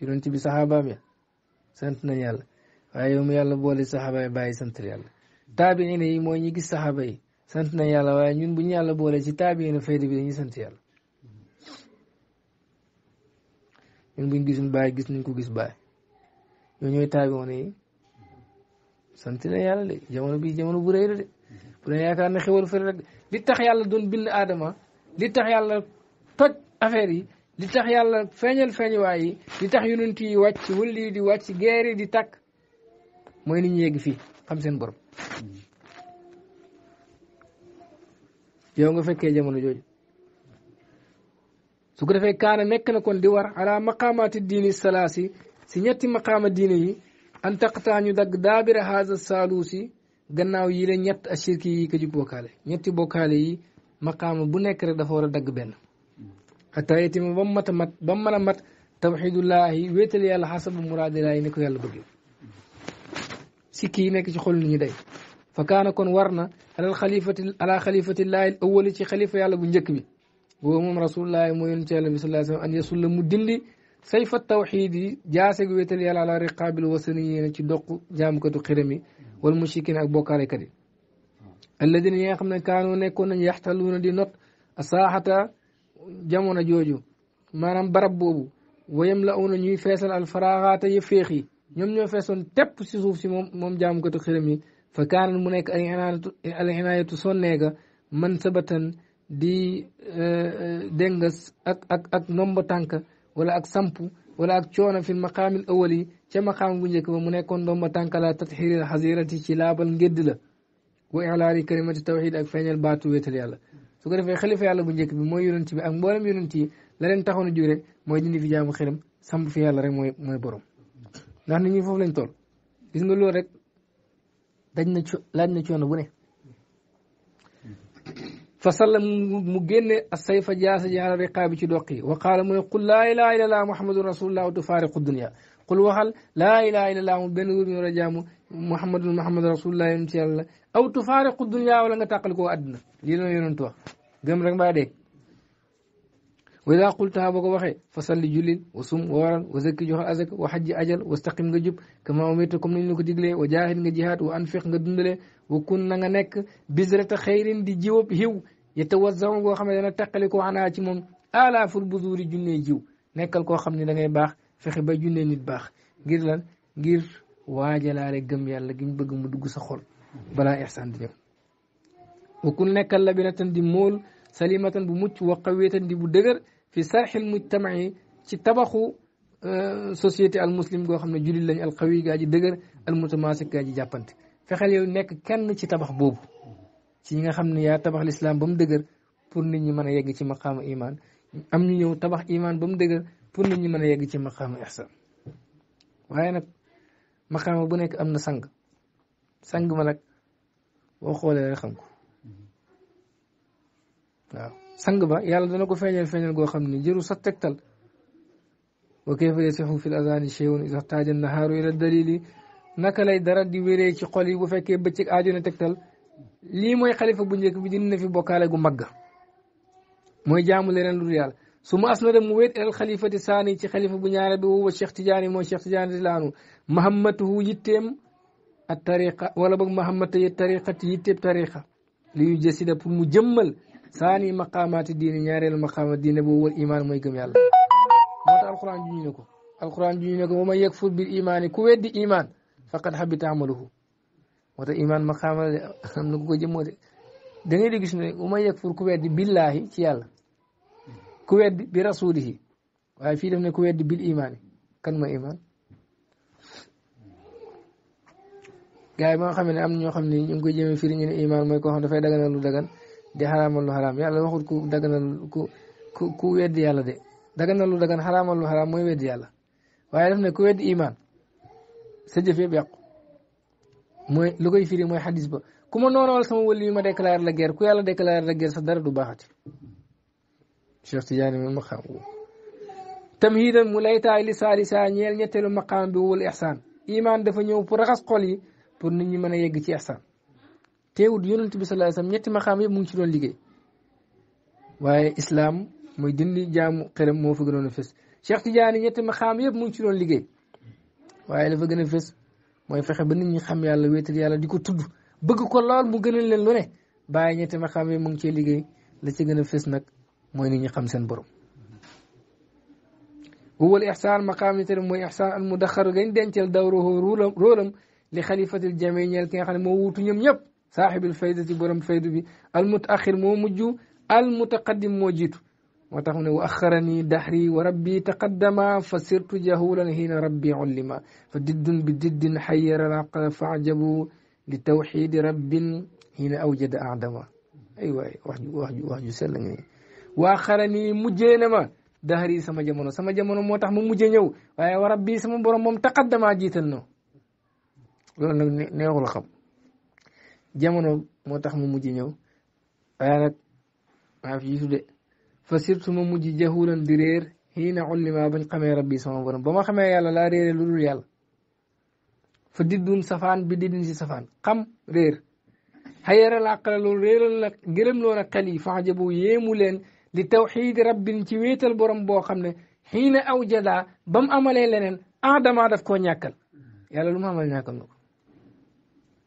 yonent bi saxaabaam ya sant nañ yàlla waaye yow yàlla boole saxaaba yi bàyyi sant yàlla taabiin yi mooy ñi gis saxaaba yi sant nañ yàlla waaye ñun bu ñu yàlla boole ci taabiin fayda bi dañuy sant yàlla ñun buñ gis nañ ko gis bàyyi ñoo ñooy taabiin yàlla de jamono bii jamono bu rëy la de bu leen yaakaar ne xewal fële li tax yàlla doon bind aadama li tax yàlla toj affaire yi li tax yàlla feeñal feeñuwaay yi li tax yonent yi wàcc wëlli di wàcc geer di tàkk mooy nit ñu yegg fii xam seen borom yow nga fekkee jamono jooju su ko defee kaana nekk na kon di war ala maqaamaati diini salaasi si ñetti maqaama diine yi an taqtaa ñu dagg daabira haasa si gannaaw yi la ñett ashirki yi ko bokkaale ñetti bokkaale yi maqaama bu nekk rek dafa war a dagg benn حتى يتم بمت مت بمنا مت توحيد الله ويتلي على حسب مراد الله إنك يلا بقي سكينة كشخول نيداي فكان كون ورنا على الخليفة على خليفة الله الأول شيء خليفة يلا بنجكبي وهم رسول الله مويل تعالى صلى الله عليه وسلم أن يسلم مدلي سيف التوحيد جاسك ويتلي على رقاب الوسنيين تدق جامكة قرمي والمشيكين أبوكا لكري الذين يخمن كانوا نكون يحتلون دي نط الساحة jamono jooju maanaam barab boobu wayam la una ñuy feesal alfaraaxaata ya féex yi ñoom ñoo feesoon tepp si suuf si moom moom jaamu ko xërëm yi fa kaanat mu nekk al inaayatu sonneega man sabatan di déngas ak ak ak nomba tànk wala ak sampu wala ak coono fi maqaamil awal yi ca maqaam bu njëkk ba mu nekkoon ndomba tànk la tatxiril xasirati ci laabal ngédd la wa ilaali kalimati tawxid ak feeñal baatu wéetal yàlla su ko defee xalifa yàlla bu njëkk bi mooy yonent bi ak mboolem yonent la leen taxoon a jóg rek mooy dindi fi jaamu xelam samp fi yàlla rek mooy mooy borom ndax nit ñu foofu lañ toll gis nga loolu rek daj na co laaj na coono bu ne fa salla mu génne asayfa jaasa ji ala riqaabi ci doq yi wa qaala mu ne qul la ilaha illa allah mu benn wur ñu war jaamu muhammadul muhammad rasulullah yonent yàlla aw tufaariqu dunya wala nga tàqal koo àdduna lii la yonent wax gëm rek mbaa dee wa ida qultaha boo ko waxee fa salli jullil wa sum wa waral wa zakki joxal azak wa xajji ajal wastaqim nga jub kama umirta comme nañ la ko diglee wa jaahid nga jihaad wa anfiq nga dundalee wa kun na nga nekk bisrata xayrin di jiwab xiw yatawazzau goo xam ne dana teqali koo xanaa ci moom alaaful buzuuri junnee jiw nekkal koo xam ne da ngay baax fexe ba junnee nit baax ngir lan ngir waajalaale gëm yàlla gi ñu bëgg mu dugg sa xol balaa ihsaan di ñëw wa kun nekkal labinatan di mool salimatan bu mucc wa qawiyatan di bu dëgër fi sarxil mujtamai ci tabaxu euh, société al muslim goo xam ne jullit lañ al qawi ji dëgër al mutamaasik gaa ji jàppante fexeel yow nekk kenn ci tabax boobu ci ñi nga xam ne yaa tabax lislaam ba mu dëgër pour nit ñi ma a yegg ci maqaama imaan am ñu ñëw tabax iman ba mu dëgër pour nit ñi ma a yegg ci maqaama ihsaan maqaama bu nekk am na sang sang ma nag boo xoolee rek xam ko waaw sang ba yàlla dana ko feeñal feeñal goo xam ni jëru sax tegtal wa kayfa yasixu fi l azani cheyun ida xtaaja nahaaru ila dalili naka lay dara di ci xol yi bu fekkee bëccëg aaju na tegtal lii mooy xalifa bu njëkk bi dina fi bokkaale gu mag mooy jaamu leneen lu dul ثم أسند مويت إلى الخليفة الثاني تي خليفة بن عربي هو الشيخ تجاني مو الشيخ تجاني لانو مهمته يتم الطريقة ولا بق مهمته الطريقة يتم طريقة ليجسد مجمل ثاني مقامات الدين نيارل مقامات الدين هو الإيمان ما يقم يالله موتا القرآن جنينكو القرآن جنينكو ومن يكفر بالإيمان كويت دي إيمان فقد حبت عمله موتا إيمان مقام نكو جمو دي دنيا دي كشنو ومن يكفر كويت بالله تي يالله ku weddi bi rasulihi waaye fii def ne ku weddi bil imaani kan ma imaan gars yi ba xam ne am ñoo xam ne ñu ngi koy jëmee firi ñu ne imaan mooy koo xam dafay daganal lu dagan di xaraamal lu xaraam mooy weddi yàlla waaye def ne ku weddi imaan sa jëf yëpp mooy lu koy firi mooy xadis ba ku ma noonawal sama wëli yu ma déclaré la guerre ku yàlla déclaré la guerre sa dara du baaxati Cheikh Tidiane moom maqaam boobu tamhidan mu laytaay li saalisa ñeel ñetteelu maqaam bi wul ihsaan iman dafa ñëw pour raxas xol yi pour nit ñi mën a yegg ci ihsaan teewut yonent bi sallallahu alayhi wasallam ñetti maqaam yëpp mu ngi ci doon liggéey waaye islam mooy dindi jaamu xelam moo fa gënoon a fës Cheikh Tidiane ñetti maqaam yëpp mu ngi ci doon liggéey waaye dafa gën a mooy fexe ba nit ñi xam yàlla wéetal yàlla di ko tudd bëgg ko lool mu gënal leen lu ne bàyyi ñetti maqaam yëpp mu ngi cee liggéey la ci gën a fës nag mooy nit ñi xam seen borom huwal ixsaan maqaam yi tamit mooy ixsaan al mudaxar gañ dencal dawruhu róolam li xalifatil jami ñeel ki nga xam ne moo wuutu ñoom ñëpp saaxibil faydati borom faydu bi al mutaaxir moo mujj al mutaqaddim moo jiitu moo tax mu ne wa axarani dahri wa rabbi taqaddama fa sirtu jahulan hiina rabbi ullima fa diddun bi diddin xayyara al aqla fa ajabu li tawxidi rabbin hiina awjada adama ay waay wax ju wax ju wax ju sell nga waa xaranii mujjee na ma dahari sama jamono sama jamono moo tax mu mujjee ñëw waaye wa rabbi sama borom moom taqaddama jiital na loolu nag neexul xam jamono moo tax mu mujj ñëw waaye nag maa fi jiitu de fa sirtu ma mujj jahulan di réer xiina ullima bañ xamee rabbi sama borom ba ma xamee yàlla laa réere lu dul yàlla fa diddun safaan bi diddun safaan xam réer xayara laqala loolu réeral nag gërëm loon fa ajabu yéemu leen li tawxiidi rabbin ci wéetal borom boo xam ne xiina aw jada ba mu amalee leneen adama koo ñàkkal yàlla lu mu amal ñàkkal na ko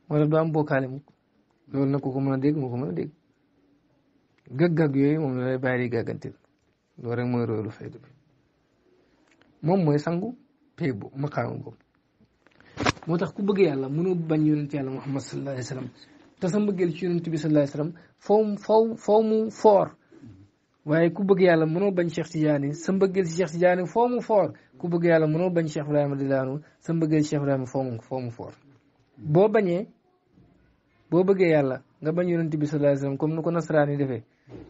wala du am bokkaale mukk loolu ku ko mën a dégg yooyu moom la lay bàyyi di gàggantil loolu rek mooy roolu faydu bi moom mooy sangu pay bu maqaama boobu moo tax ku bëgg yàlla mënoo bañ yonent yàlla Muhammad sallallahu alayhi wa sallam te sa ci yonent bi sallallahu alayhi wa sallam foo mu foor waye ku bëgg yàlla mënoo bañ Cheikh Tidiane sa mbëggel si Cheikh Tidiane fo mu for ku bëgg yàlla mënoo bañ Cheikh ibrahim dilanu sa mbëggel Cheikh ibrahim fo mu fo mu for bo bañé bo bëgg yàlla nga bañ yonent bi sallallahu alayhi wasallam comme nuko nasrani defé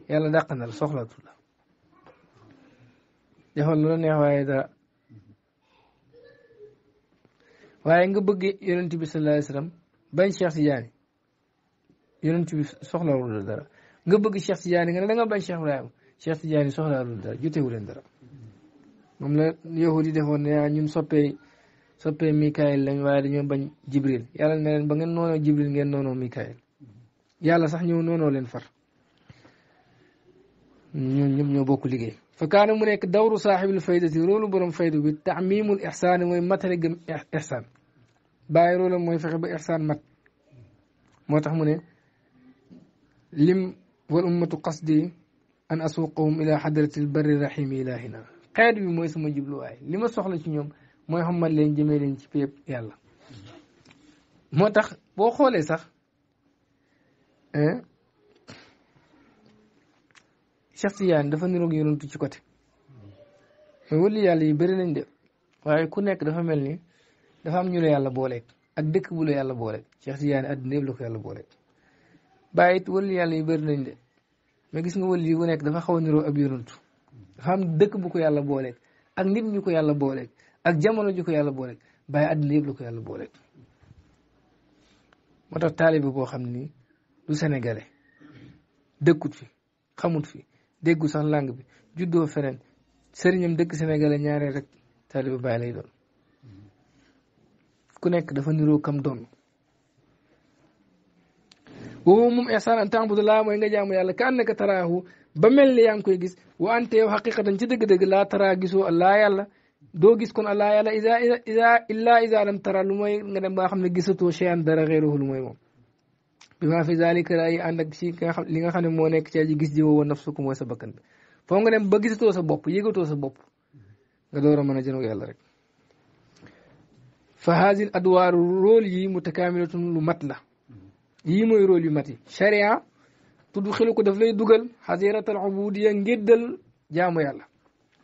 yàlla dàq na la la defal lu neex waye da waye nga bëgg yonent bi sallallahu alayhi wasallam bañ Cheikh Tidiane yonent bi soxlawul la dara nga bëgg Cheikh Tidiane nga da nga bañ Cheikh ibrahim شيخ تجاني سهلة أرون دار جوتي ولين دار نملا يهودي ده هون يعني نم سبي سبي ميكائيل لين وارد نم بن جبريل يلا نلين بعند نونو جبريل عند نونو ميكائيل يلا صح نيو نونو لين فر نيو نيو نيو بوكو لجي فكان منك دور صاحب الفائدة رول برم فائدة بالتعميم الإحسان ومثل جم إحسان بايرول ما يفرق بإحسان مت ما تحمونه لم والأمة قصدي an asuuqahum ila xadrati lbarri rahimi naa xeet bi mooy sama jubluwaay li ma soxla ci ñoom mooy xamal leen jëmee leen ci pépp yàlla moo tax boo xoolee sax shaxsiyaan dafa niroog yonantu ci côté mais yàlla yi bari nañ de waaye ku nekk dafa mel ni dafa am ñu la yàlla booleeg ak dëkk bu yàlla booleeg shaxsiyaan addina yëpp la ko yàlla booleeg bàyyi it wëli yàlla yi bëri nañ de mais gis nga wëli yi bu nekk dafa xaw niroo ab yonantu dafa am dëkk bu ko yàlla booleeg ak nit ñu ko yàlla booleeg ak jamono ju yàlla booleeg bàyyi àddina yëpp la ko yàlla booleeg moo tax taalibe boo xam ni du sénégalais dëkkut fi xamut fi déggu sax langue bi juddoo feneen sëriñam dëkk sénégalais ñaaree rek taalibe bàyyi lay doon ku nekk dafa niroo kam doon ومم إحسان أن تعبد الله وإن جامع الله كأنك تراه بمن لي أنكو يجس وأنت يو حقيقة جدك دق لا ترى جسو الله يلا دو جس كون الله يلا إذا إذا إلا إذا لم ترى لمي عندما خم جسو تو شيء عند غيره لمي بما في ذلك رأي أنك شيء كه لين خان مونك تيجي جس جو ونفسك موسى بكن فهم عندما بجس تو سبب يجو تو سبب غدورة من جنوا يلا فهذه الأدوار رولي متكاملة لمطلع yii mooy rôle yu mat yi sharia tudd xelu ko daf lay dugal xasiratal ubudiya ngéddal jaamu yàlla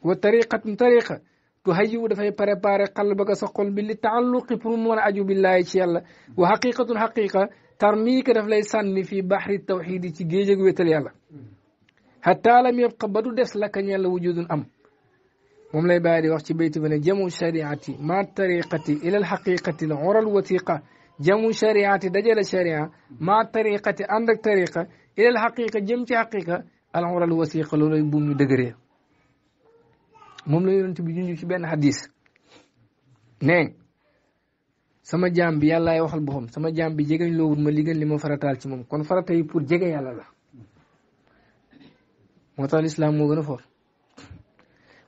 wa tariqatun tariqa tu hayyiwu dafay préparé qalbaka sa xol bi li taalluqi pour mu mën a aju billaahi ci yàlla wa xaqiqatun xaqiqa tarmiika daf lay sànni fii baxri tawxidi ci géej ak wéetal yàlla xataa lam yabqa ba du des la ka ñella wujudun am moom lay bàyyi di wax ci bayti ba ne jamu shariati ma tariqati ila alxaqiqati al ural watiqa jamu shariati dajale sharia ma tariqati ànd ak tariqa ilal xaqiqa jëm ci xaqiqa alxural wasiqa loolay buum ñu dëgëree moom la yonent bi junj ci benn hadis ne sama jaam bi yàllaay waxal boppam sama jaam bi jegeñ loowut ma liggéey li ma farataal ci moom kon farata yi pour jege yàlla la moo tax lislaam moo gën a foor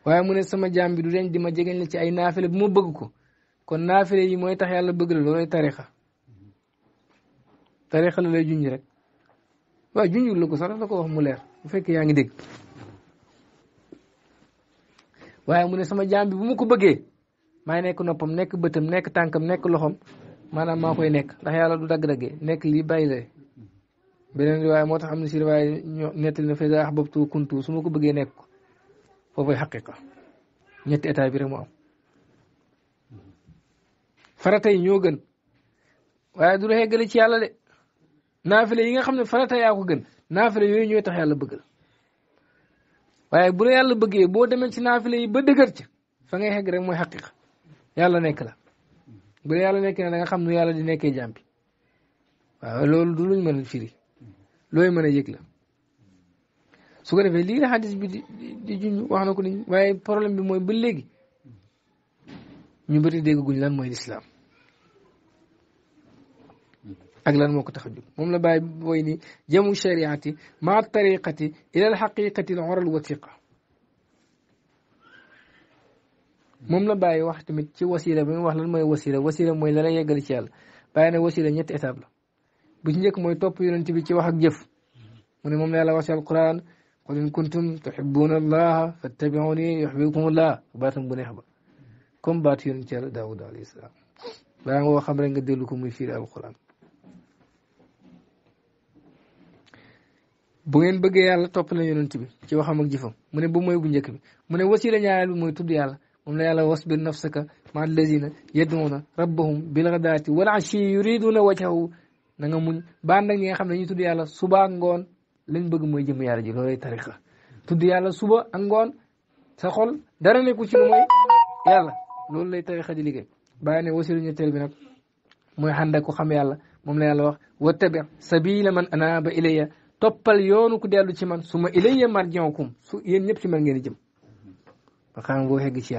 waaye mu ne sama jaam bi du deñ di ma jegeñ la ci ay naafile bu ma bëgg ko kon naafile yi mooy tax yàlla bëgg la tariixa la lay junj rek waaye junjul la ko sax la ko wax mu leer bu fekkee yaa ngi dégg waaye mu ne sama jaam bu mu ko bëggee maay nekk noppam nekk bëtam nekk tànkam nekk loxom maanaam maa koy nekk ndax yàlla du dagg-daggee nekk lii bay la beneen riwaay moo tax am na si riwaay ñoo nettali na fayda tu kuntu su ma ko bëggee nekk ko foofay xaqiqa ñetti état am farata yi waaye du la yeggale ci yàlla de naafile yi nga xam ne farata yaa ko gën naafile yooyu ñooy tax yàlla bëgg la waaye bu la yàlla bëggee boo demee ci naafile yi ba dëgër ca fa ngay xegg rek mooy xaqiqa yàlla nekk la bu yàlla nekk ne da nga xam nu yàlla di nekkee jàmbi waaw loolu du luñ mën a firi looy mën a yëg la su ko defee lii la xadis bi di di juñ wax na ko ni waaye problème bi mooy ba léegi ñu bëri dégguñ lan mooy lislaam ak lan moo ko tax a jóg moom la bàyyi mooy ni jëmu shariati ma tariqati ila alxaqiqati al oral wathiqa moom la bàyyi wax tamit ci wasila bi mu wax lan mooy wasila wasila mooy la la yeggali ci yàlla bàyyi na wasila ñetti étape la bu ci njëkk mooy topp yonent bi ci wax ak jëf mu ne moom la yàlla wax ci alquran qul in kuntum tuhibbuna allaha fattabiuni yuhibbukum allah baatam bu neex ba comme baatu yonent ci yàlla daawud alayhi salaam baa nga woo xam rek nga déglu ko muy fiiri alquran bu ngeen bëggee yàlla topp na yonent bi ci waxam ak jëfam mu ne bu mooy bu njëkk bi mu ne wasila ñaareel bi mooy tudd yàlla moom la yàlla wasbir nafsaka ma allazina yad'una rabbahum bil bilghadaati wal ashi yuriduna wajhahu na nga muñ baan nag ñi nga xam ne dañuy tudd yàlla suba ak ngoon lañ bëgg mooy jëm yàlla ji loolay tariqa tudd yàlla suba ak ngoon sa xol dara ne ku ci lu mooy yàlla loolu lay tariqa di liggéey bàyyi ne wasila ñetteel bi nag mooy xànd ak ku xam yàlla moom la yàlla wax wattabi sabila man anaba ilayya toppal yoonu ku dellu ci man suma ma ilayya marji'ukum su yéen ñëpp ci man ngeen jëm ba xam boo xegg ci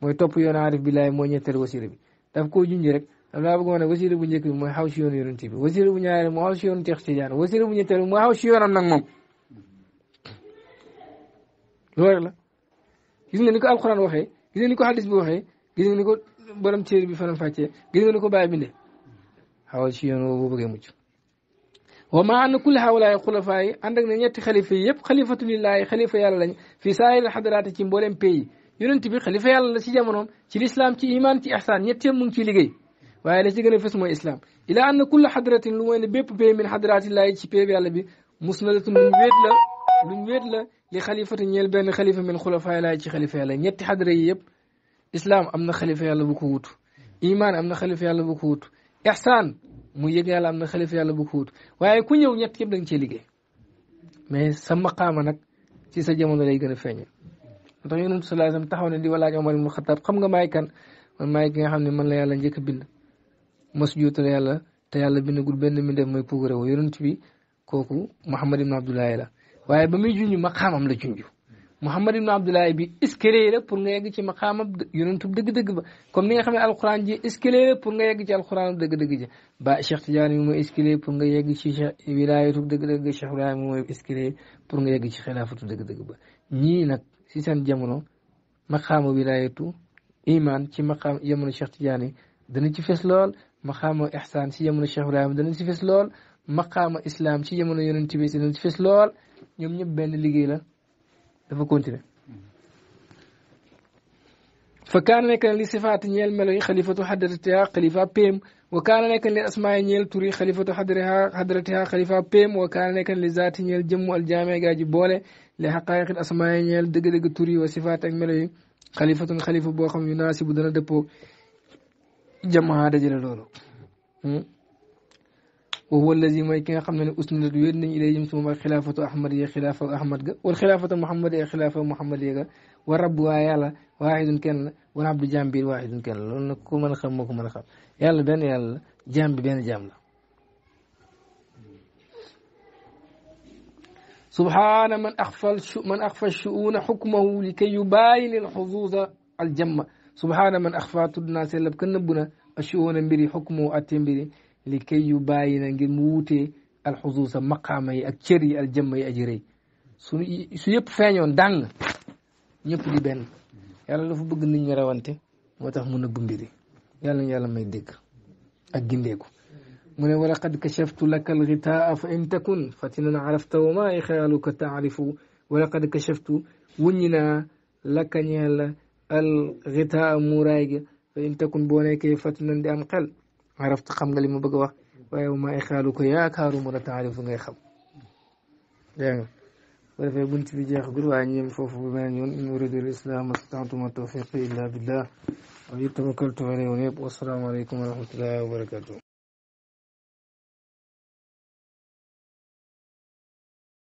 mooy topp yoonu arif billahi mooy ñetteel wasila bi daf koo junj rek daf laa bëggoon a wasila bu njëkk bi mooy xaw si yoonu yonent bi wasila bu ñaareel mu xaw si yoonu Cheikh Tidiane wasila loolu alxuraan waxee gis nga ni ko bi waxee gis nga ni woo boo bëggee mucc وما أن كل هؤلاء الخلفاء عندك نية خليفة يب خليفة لله خليفة يا الله في سائر الحضارات تيمبولم بي يرن تبي خليفة يا الله سيجا منهم في الإسلام في إيمان في إحسان نية من كل شيء وعليه تجعل في اسمه الإسلام إلى أن كل حضرة لوين بيب بي من حضرات الله يشبه بي على بي مسلمة من بيت من بيت لخليفة نيل بين خليفة من خلفاء الله يخليفة يا الله نية حضرة يب إسلام أمن خليفة يا الله بكوت إيمان أمن خليفة يا الله بكوت إحسان mu yëg yàlla am na xalifa yàlla bu ko wut waaye ku ñëw ñett yëpp da nga cee liggéey mais sa maqaama nag ci sa jamono lay gën a feeñee moo tax yonent sallallahu alayhi wasallam taxaw ne di walaaj Omar ibn Khattab xam nga maay kan man maay ki nga xam ne man la yàlla njëkk a bind mos juutal yàlla te yàlla bind bindagul benn mi def mooy puugare woo yonent bi kooku Muhammad ibn Abdullahi la waaye ba muy junj maqaamam la junj Muhammad ibn Abdullahi bi escalier la pour nga yegg ci maqaamam yonentub dëgg-dëgg ba comme ni nga xam ne alxuraan ji escalier la pour nga yegg ci alxuraan dëgg-dëgg ji ba Cheikh Tidiane bi mooy escalier pour nga yegg ci wilaayatub dëgg-dëgg Cheikh Ibrahima mooy escalier pour nga yegg ci xilaafatu dëgg-dëgg ba ñii nag si seen jamono maqaama wilaayatu iman ci maqaam jamono Cheikh Tidiane dana ci fes lool maqaama ihsaan si jamono Cheikh Ibrahima dana ci fes lool maqaama islam ci jamono yonent bi dana ci fes lool ñoom ñëpp benn liggéey la dafa continuer fa kaana nekk na li sifaati ñeel melo yi xalifatu xadratiha xalifa péem wa kaana li asmaa ñeel tur yi xalifatu xadratiha xalifa péem wa kaana li zaati ñeel jëmmu aljaame gaa boole li xaqaayiqil asmaa ñeel dëgg-dëgg tur yi wa sifaati ak melo yi boo xam yu bu dana dëppoo jamaa dajale loolu hmm? وهو الذي ما كان قمنا أسن الريال إلى يمسوما خلافة أحمد يا خلافة أحمد والخلافة محمد يا خلافة محمد يا والرب وعيالا واحد كان والعبد جانبي واحد كان لأن كل من خم وكل من خم يلا بين يلا جانبي بين جاملة سبحان من أخفى من أخفى الشؤون حكمه لكي يباين الحظوظ الجمة سبحان من أخفى الناس لبكن بنا الشؤون بري حكمه أتيم بري li kay yu bàyyi na ngir mu wuutee alxusuusa maqaama yi ak cër yi aljëmma yi aji su su yëpp feeñoon dàng ñëpp di benn yàlla dafa bëgg nit ñi rawante moo tax mun na gumbiri yàlla ñu yàlla may dégg ak gindeeku mu ne wala qad kachaftu laka alxitaa fa in takun fatinan arafta wa maa xayaaluka taarifu wala qad kachaftu wuññi naa laka ñeel alxitaa muuraay gi fa in takun boo nekkee fatinan di am xel عرفت خم قال لي ما بقوا وما إخالك يا كارو مرة تعرف إنك خم يعني ولا في بنت في جاه قلوا عني مفوف بمن يريد الإسلام استطعت ما توفيقي إلا بالله ويتوكلت عليه ونيب والسلام عليكم ورحمة الله وبركاته